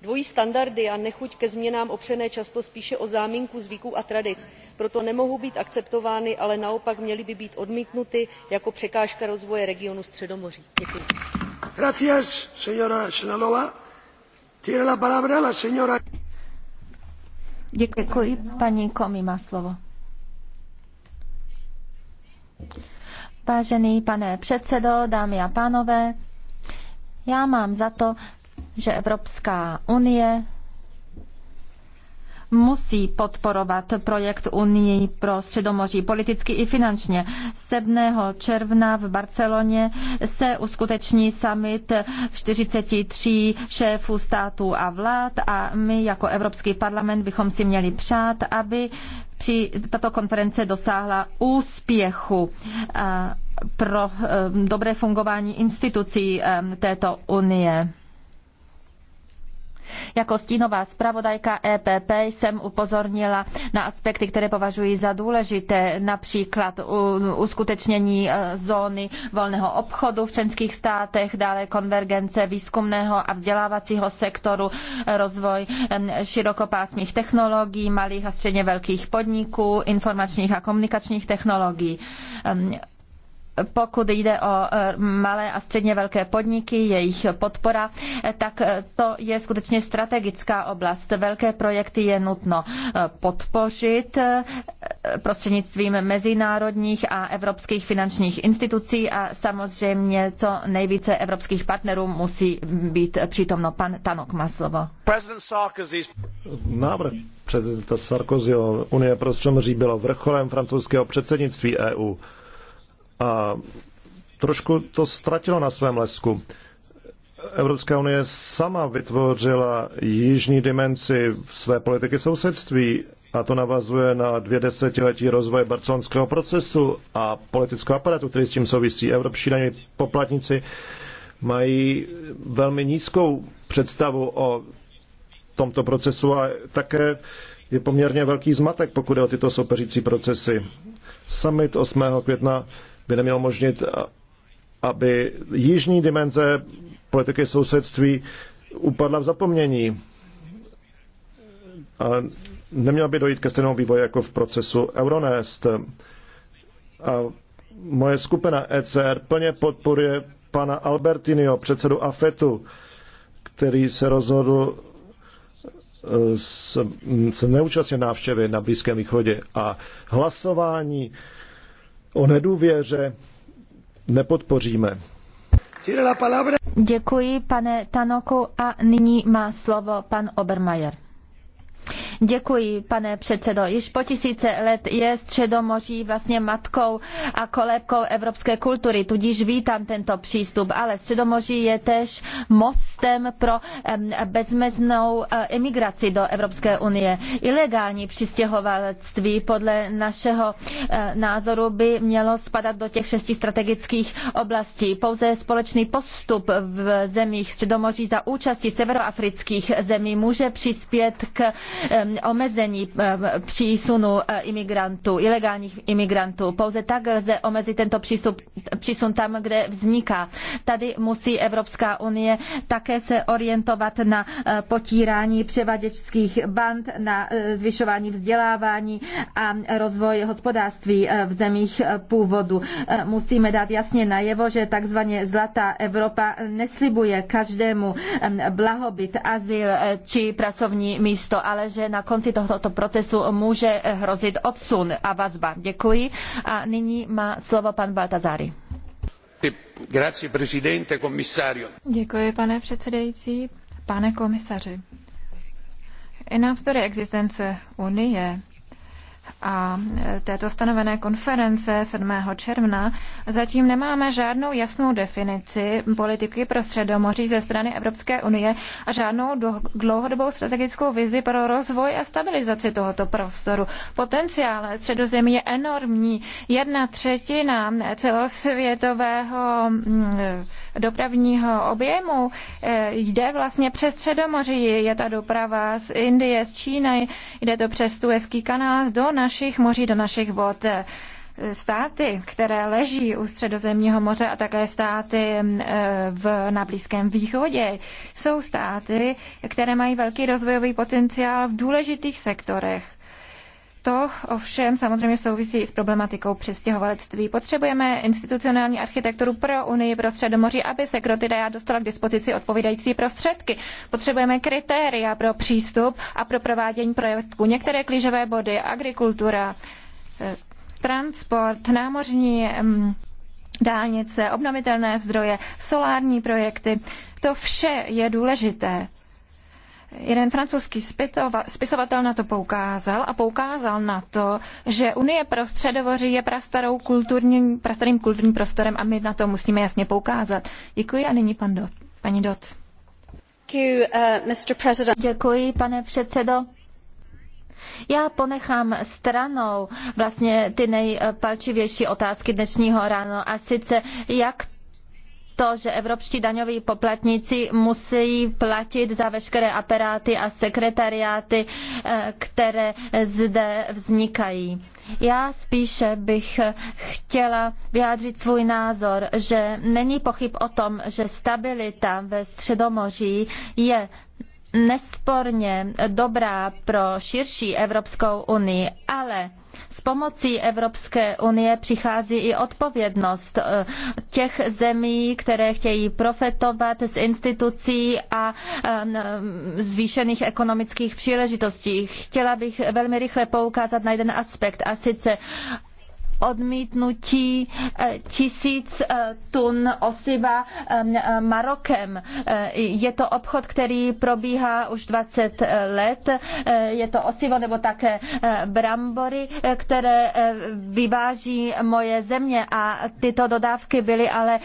dvojí standardy a nechuť ke změnám opřené často spíše o záminku zvyků a tradic proto nemohou být akceptovány ale naopak měly by být odmítnuty jako překážka rozvoje regionu středomoří. děkuji. Děkuji. Paní Vážený pane předsedo, dámy a pánové, já mám za to, že Evropská unie musí podporovat projekt Unii pro Středomoří politicky i finančně. 7. června v Barceloně se uskuteční summit 43 šéfů států a vlád a my jako Evropský parlament bychom si měli přát, aby při tato konference dosáhla úspěchu eh, pro eh, dobré fungování institucí eh, této unie. Jako stínová zpravodajka EPP jsem upozornila na aspekty, které považuji za důležité, například uskutečnění e, zóny volného obchodu v členských státech, dále konvergence výzkumného a vzdělávacího sektoru, e, rozvoj širokopásmých technologií, malých a středně velkých podniků, informačních a komunikačních technologií pokud jde o e, malé a středně velké podniky, jejich podpora, e, tak e, to je skutečně strategická oblast. Velké projekty je nutno podpořit prostřednictvím mezinárodních a evropských finančních institucí a samozřejmě co nejvíce evropských partnerů musí být přítomno. Pan Tanok má slovo. Návrh prezidenta Sarkozyho Unie pro střemří bylo vrcholem francouzského předsednictví EU. A trošku to ztratilo na svém lesku. Evropská unie sama vytvořila jižní dimenzi své politiky sousedství a to navazuje na dvě desetiletí rozvoje barcelonského procesu a politického aparatu, který s tím souvisí. Evropští daní poplatníci mají velmi nízkou představu o tomto procesu a také je poměrně velký zmatek, pokud je o tyto soupeřící procesy. Summit 8. května by neměl možnit, aby jižní dimenze politiky sousedství upadla v zapomnění. A neměl by dojít ke stejnému vývoji jako v procesu Euronest. A moje skupina ECR plně podporuje pana Albertinio, předsedu AFETu, který se rozhodl eh, se neúčastnit návštěvy na Blízkém východě a hlasování o nedůvěře nepodpoříme. Děkuji, pane Tanoku, a nyní má slovo pan Obermajer. Děkuji, pane předsedo. Již po tisíce let je Středomoří vlastně matkou a kolébkou evropské kultury, tudíž vítám tento přístup, ale Středomoří je též mostem pro bezmeznou e, imigraci do Evropské unie. Ilegální přistěhovalectví podle našeho e, názoru by mělo spadat do těch šesti strategických oblastí. Pouze společný postup v zemích Středomoří za účasti severoafrických zemí může přispět k Eh, omezení eh, přísunu eh, imigrantů, ilegálních imigrantů. Pouze tak lze omezit tento přístup, přísun tam, kde vzniká. Tady musí Evropská unie také se orientovat na potírání převaděčských band, na zvyšování vzdělávání a rozvoj hospodářství v zemích původu. Musíme dát jasně najevo, že takzvaně zlatá Evropa neslibuje každému blahobyt, azyl či pracovní místo, ale že na konci tohoto procesu může hrozit odsun a vazba. Děkuji. A nyní má slovo pan Baltazari. Děkuji, pane předsedající. Pane komisaři, i navzdory existence Unie a e, této stanovené konference 7. června zatím nemáme žádnou jasnou definici politiky pro středomoří ze strany Evropské unie a žádnou dlouhodobou strategickou vizi pro rozvoj a stabilizaci tohoto prostoru. Potenciál středozemí je enormní. Jedna třetina celosvětového mm, dopravního objemu e, jde vlastně přes středomoří. Je ta doprava z Indie, z Číny, jde to přes Tueský kanál, z Don našich moří, do našich vod státy, které leží u středozemního moře a také státy e, v, na Blízkém východě, jsou státy, které mají velký rozvojový potenciál v důležitých sektorech. To ovšem samozřejmě souvisí s problematikou přestěhovalectví. Potřebujeme institucionální architekturu pro Unii pro Středomoří, aby se Krotidea dostala k dispozici odpovídající prostředky. Potřebujeme kritéria pro přístup a pro provádění projektů. Některé klížové body, agrikultura, eh, transport, námořní dálnice, obnovitelné zdroje, solární projekty, to vše je důležité. Jeden francouzský spisovatel na to poukázal a poukázal na to, že Unie pro středovoří je prastarou prastarým kulturním prostorem a my na to musíme jasně poukázat. Děkuji a nyní pan Dot, paní Doc. Uh, Děkuji, pane předsedo. Já ponechám stranou vlastně ty nejpalčivější otázky dnešního ráno a sice jak to, že evropští daňoví poplatníci musí platit za veškeré aparáty a sekretariáty, eh, které zde vznikají. Já spíše bych chtěla vyjádřit svůj názor, že není pochyb o tom, že stabilita ve Středomoří je nesporně dobrá pro širší Evropskou unii, ale s pomocí Evropské unie přichází i odpovědnost eh, těch zemí, které chtějí profitovat z institucí a ehm, zvýšených ekonomických příležitostí. Chtěla bych velmi rychle poukázat na jeden aspekt, a sice odmítnutí eh, tisíc eh, tun osiva eh, Marokem. Je to obchod, který probíhá už 20 let. Je to osivo nebo také brambory, které vyváží moje země a tyto dodávky byly ale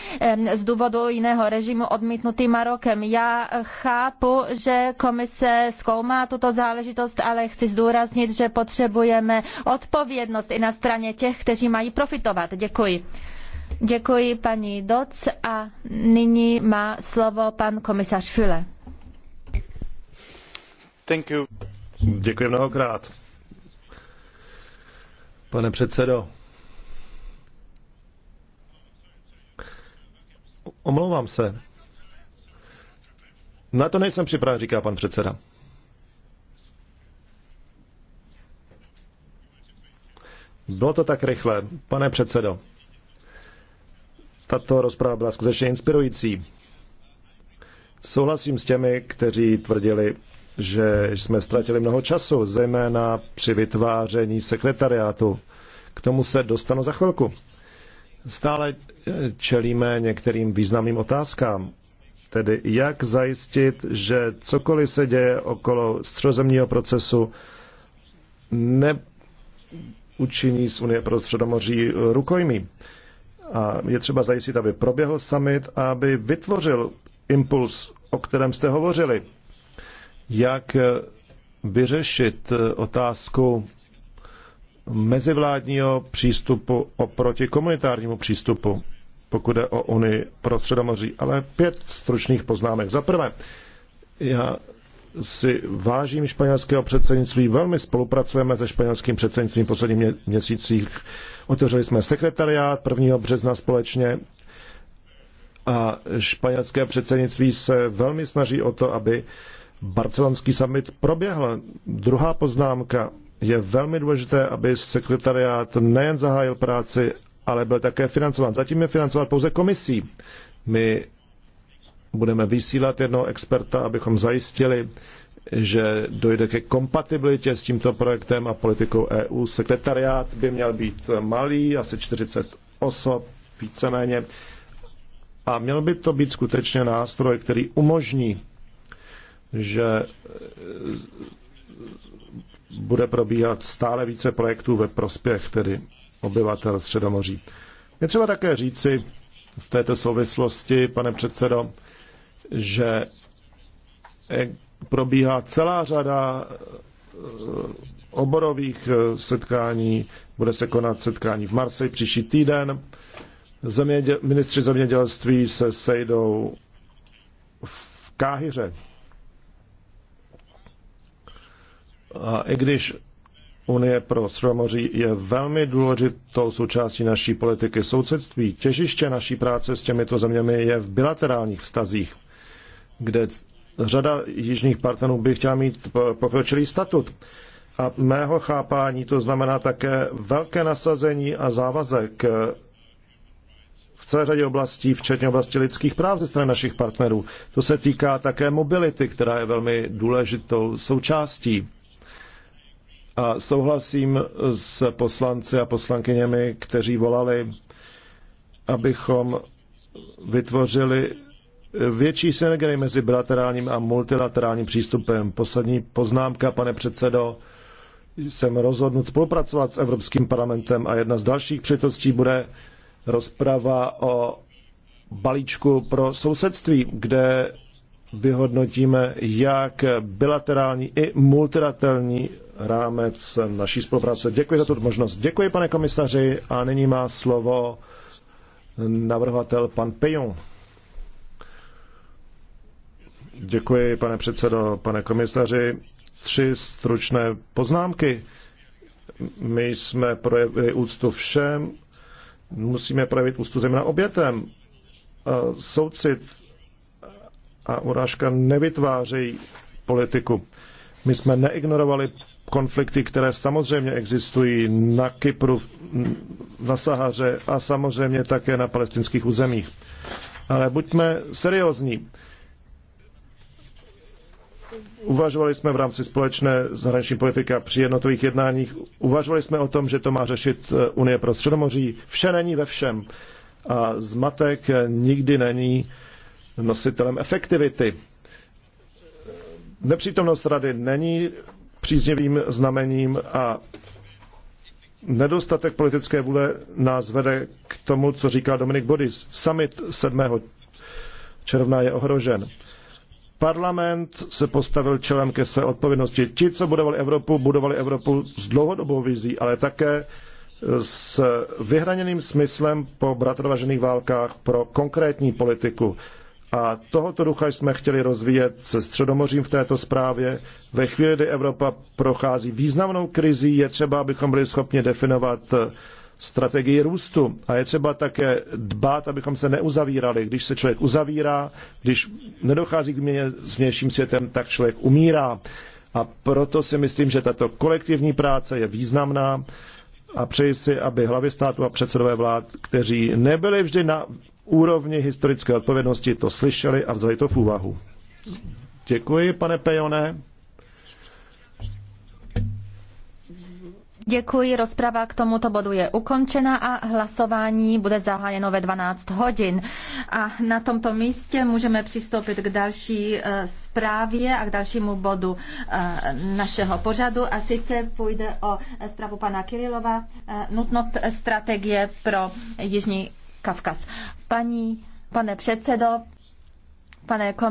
z důvodu jiného režimu odmítnuty Marokem. Já chápu, že komise zkoumá tuto záležitost, ale chci zdůraznit, že potřebujeme odpovědnost i na straně těch, kteří mají profitovat. Děkuji. Děkuji paní Doc a nyní má slovo pan komisař Füle. Thank you. Děkuji mnohokrát. Pane předsedo, omlouvám se. Na to nejsem připraven, říká pan předseda. Bylo to tak rychle. Pane předsedo, tato rozprava byla skutečně inspirující. Souhlasím s těmi, kteří tvrdili, že jsme ztratili mnoho času, zejména při vytváření sekretariátu. K tomu se dostanu za chvilku. Stále eh, čelíme některým významným otázkám, tedy jak zajistit, že cokoliv se děje okolo středozemního procesu, ne učiní z Unie pro středomoří rukojmí. A je třeba zajistit, aby proběhl summit a aby vytvořil impuls, o kterém jste hovořili. Jak vyřešit otázku mezivládního přístupu oproti komunitárnímu přístupu, pokud je o Unii pro Středomoří. Ale pět stručných poznámek. Za prvé, já si vážím španělského předsednictví, velmi spolupracujeme se španělským předsednictvím v posledních mě- měsících. Otevřeli jsme sekretariát 1. března společně a španělské předsednictví se velmi snaží o to, aby barcelonský summit proběhl. Druhá poznámka je velmi důležité, aby sekretariát nejen zahájil práci, ale byl také financován. Zatím je financován pouze komisí. My budeme vysílat jednoho experta, abychom zajistili, že dojde ke kompatibilitě s tímto projektem a politikou EU. Sekretariát by měl být malý, asi 40 osob, víceméně. A měl by to být skutečně nástroj, který umožní, že bude probíhat stále více projektů ve prospěch tedy obyvatel Středomoří. Je třeba také říci v této souvislosti, pane předsedo, že eh, probíhá celá řada eh, oborových eh, setkání, bude se konat setkání v Marseille příští týden. Zeměděl, ministři zemědělství se sejdou v Káhyře. A i když Unie pro Sromoří je velmi důležitou součástí naší politiky sousedství, těžiště naší práce s těmito zeměmi je v bilaterálních vztazích – kde řada jižních partnerů by chtěla mít pokročilý statut. A mého chápání to znamená také velké nasazení a závazek v celé řadě oblastí, včetně oblasti lidských práv ze strany našich partnerů. To se týká také mobility, která je velmi důležitou součástí. A souhlasím s poslanci a poslankyněmi, kteří volali, abychom vytvořili větší synergie mezi bilaterálním a multilaterálním přístupem. Poslední poznámka, pane předsedo. Jsem rozhodnut spolupracovat s Evropským parlamentem a jedna z dalších přitostí bude rozprava o balíčku pro sousedství, kde vyhodnotíme, jak bilaterální i multilaterální rámec naší spolupráce. Děkuji za tu možnost. Děkuji, pane komisaři, a nyní má slovo navrhovatel pan Pejon. Děkuji, pane předsedo, pane komisaři. Tři stručné poznámky. My jsme projevili úctu všem, musíme projevit úctu zejména obětem. Soucit a urážka nevytvářejí politiku. My jsme neignorovali konflikty, které samozřejmě existují na Kypru, na Sahaře a samozřejmě také na palestinských územích. Ale buďme seriózní uvažovali jsme v rámci společné zahraniční politiky a při jednotových jednáních, uvažovali jsme o tom, že to má řešit eh, Unie pro Středomoří. Vše není ve všem. A zmatek eh, nikdy není nositelem efektivity. Nepřítomnost rady není příznivým znamením a nedostatek politické vůle nás vede k tomu, co říká Dominik Bodis. Summit 7. června je ohrožen Parlament se postavil čelem ke své odpovědnosti. Ti, co budovali Evropu, budovali Evropu s dlouhodobou vizí, ale také s vyhraněným smyslem po bratrovažených válkách pro konkrétní politiku. A tohoto ducha jsme chtěli rozvíjet se Středomořím v této zprávě. Ve chvíli, kdy Evropa prochází významnou krizí, je třeba, abychom byli schopni definovat strategii růstu. A je třeba také dbát, abychom se neuzavírali. Když se člověk uzavírá, když nedochází k měně s vnějším světem, tak člověk umírá. A proto si myslím, že tato kolektivní práce je významná a přeji si, aby hlavy státu a předsedové vlád, kteří nebyli vždy na úrovni historické odpovědnosti, to slyšeli a vzali to v úvahu. Děkuji, pane Pejone. Děkuji, rozprava k tomuto bodu je ukončena a hlasování bude zahájeno ve 12 hodin. A na tomto místě můžeme přistoupit k další eh, zprávě a k dalšímu bodu eh, našeho pořadu a sice půjde o zprávu pana Kirilova eh, nutnost strategie pro Jižní Kavkaz. Paní, pane předsedo, pane komisaři,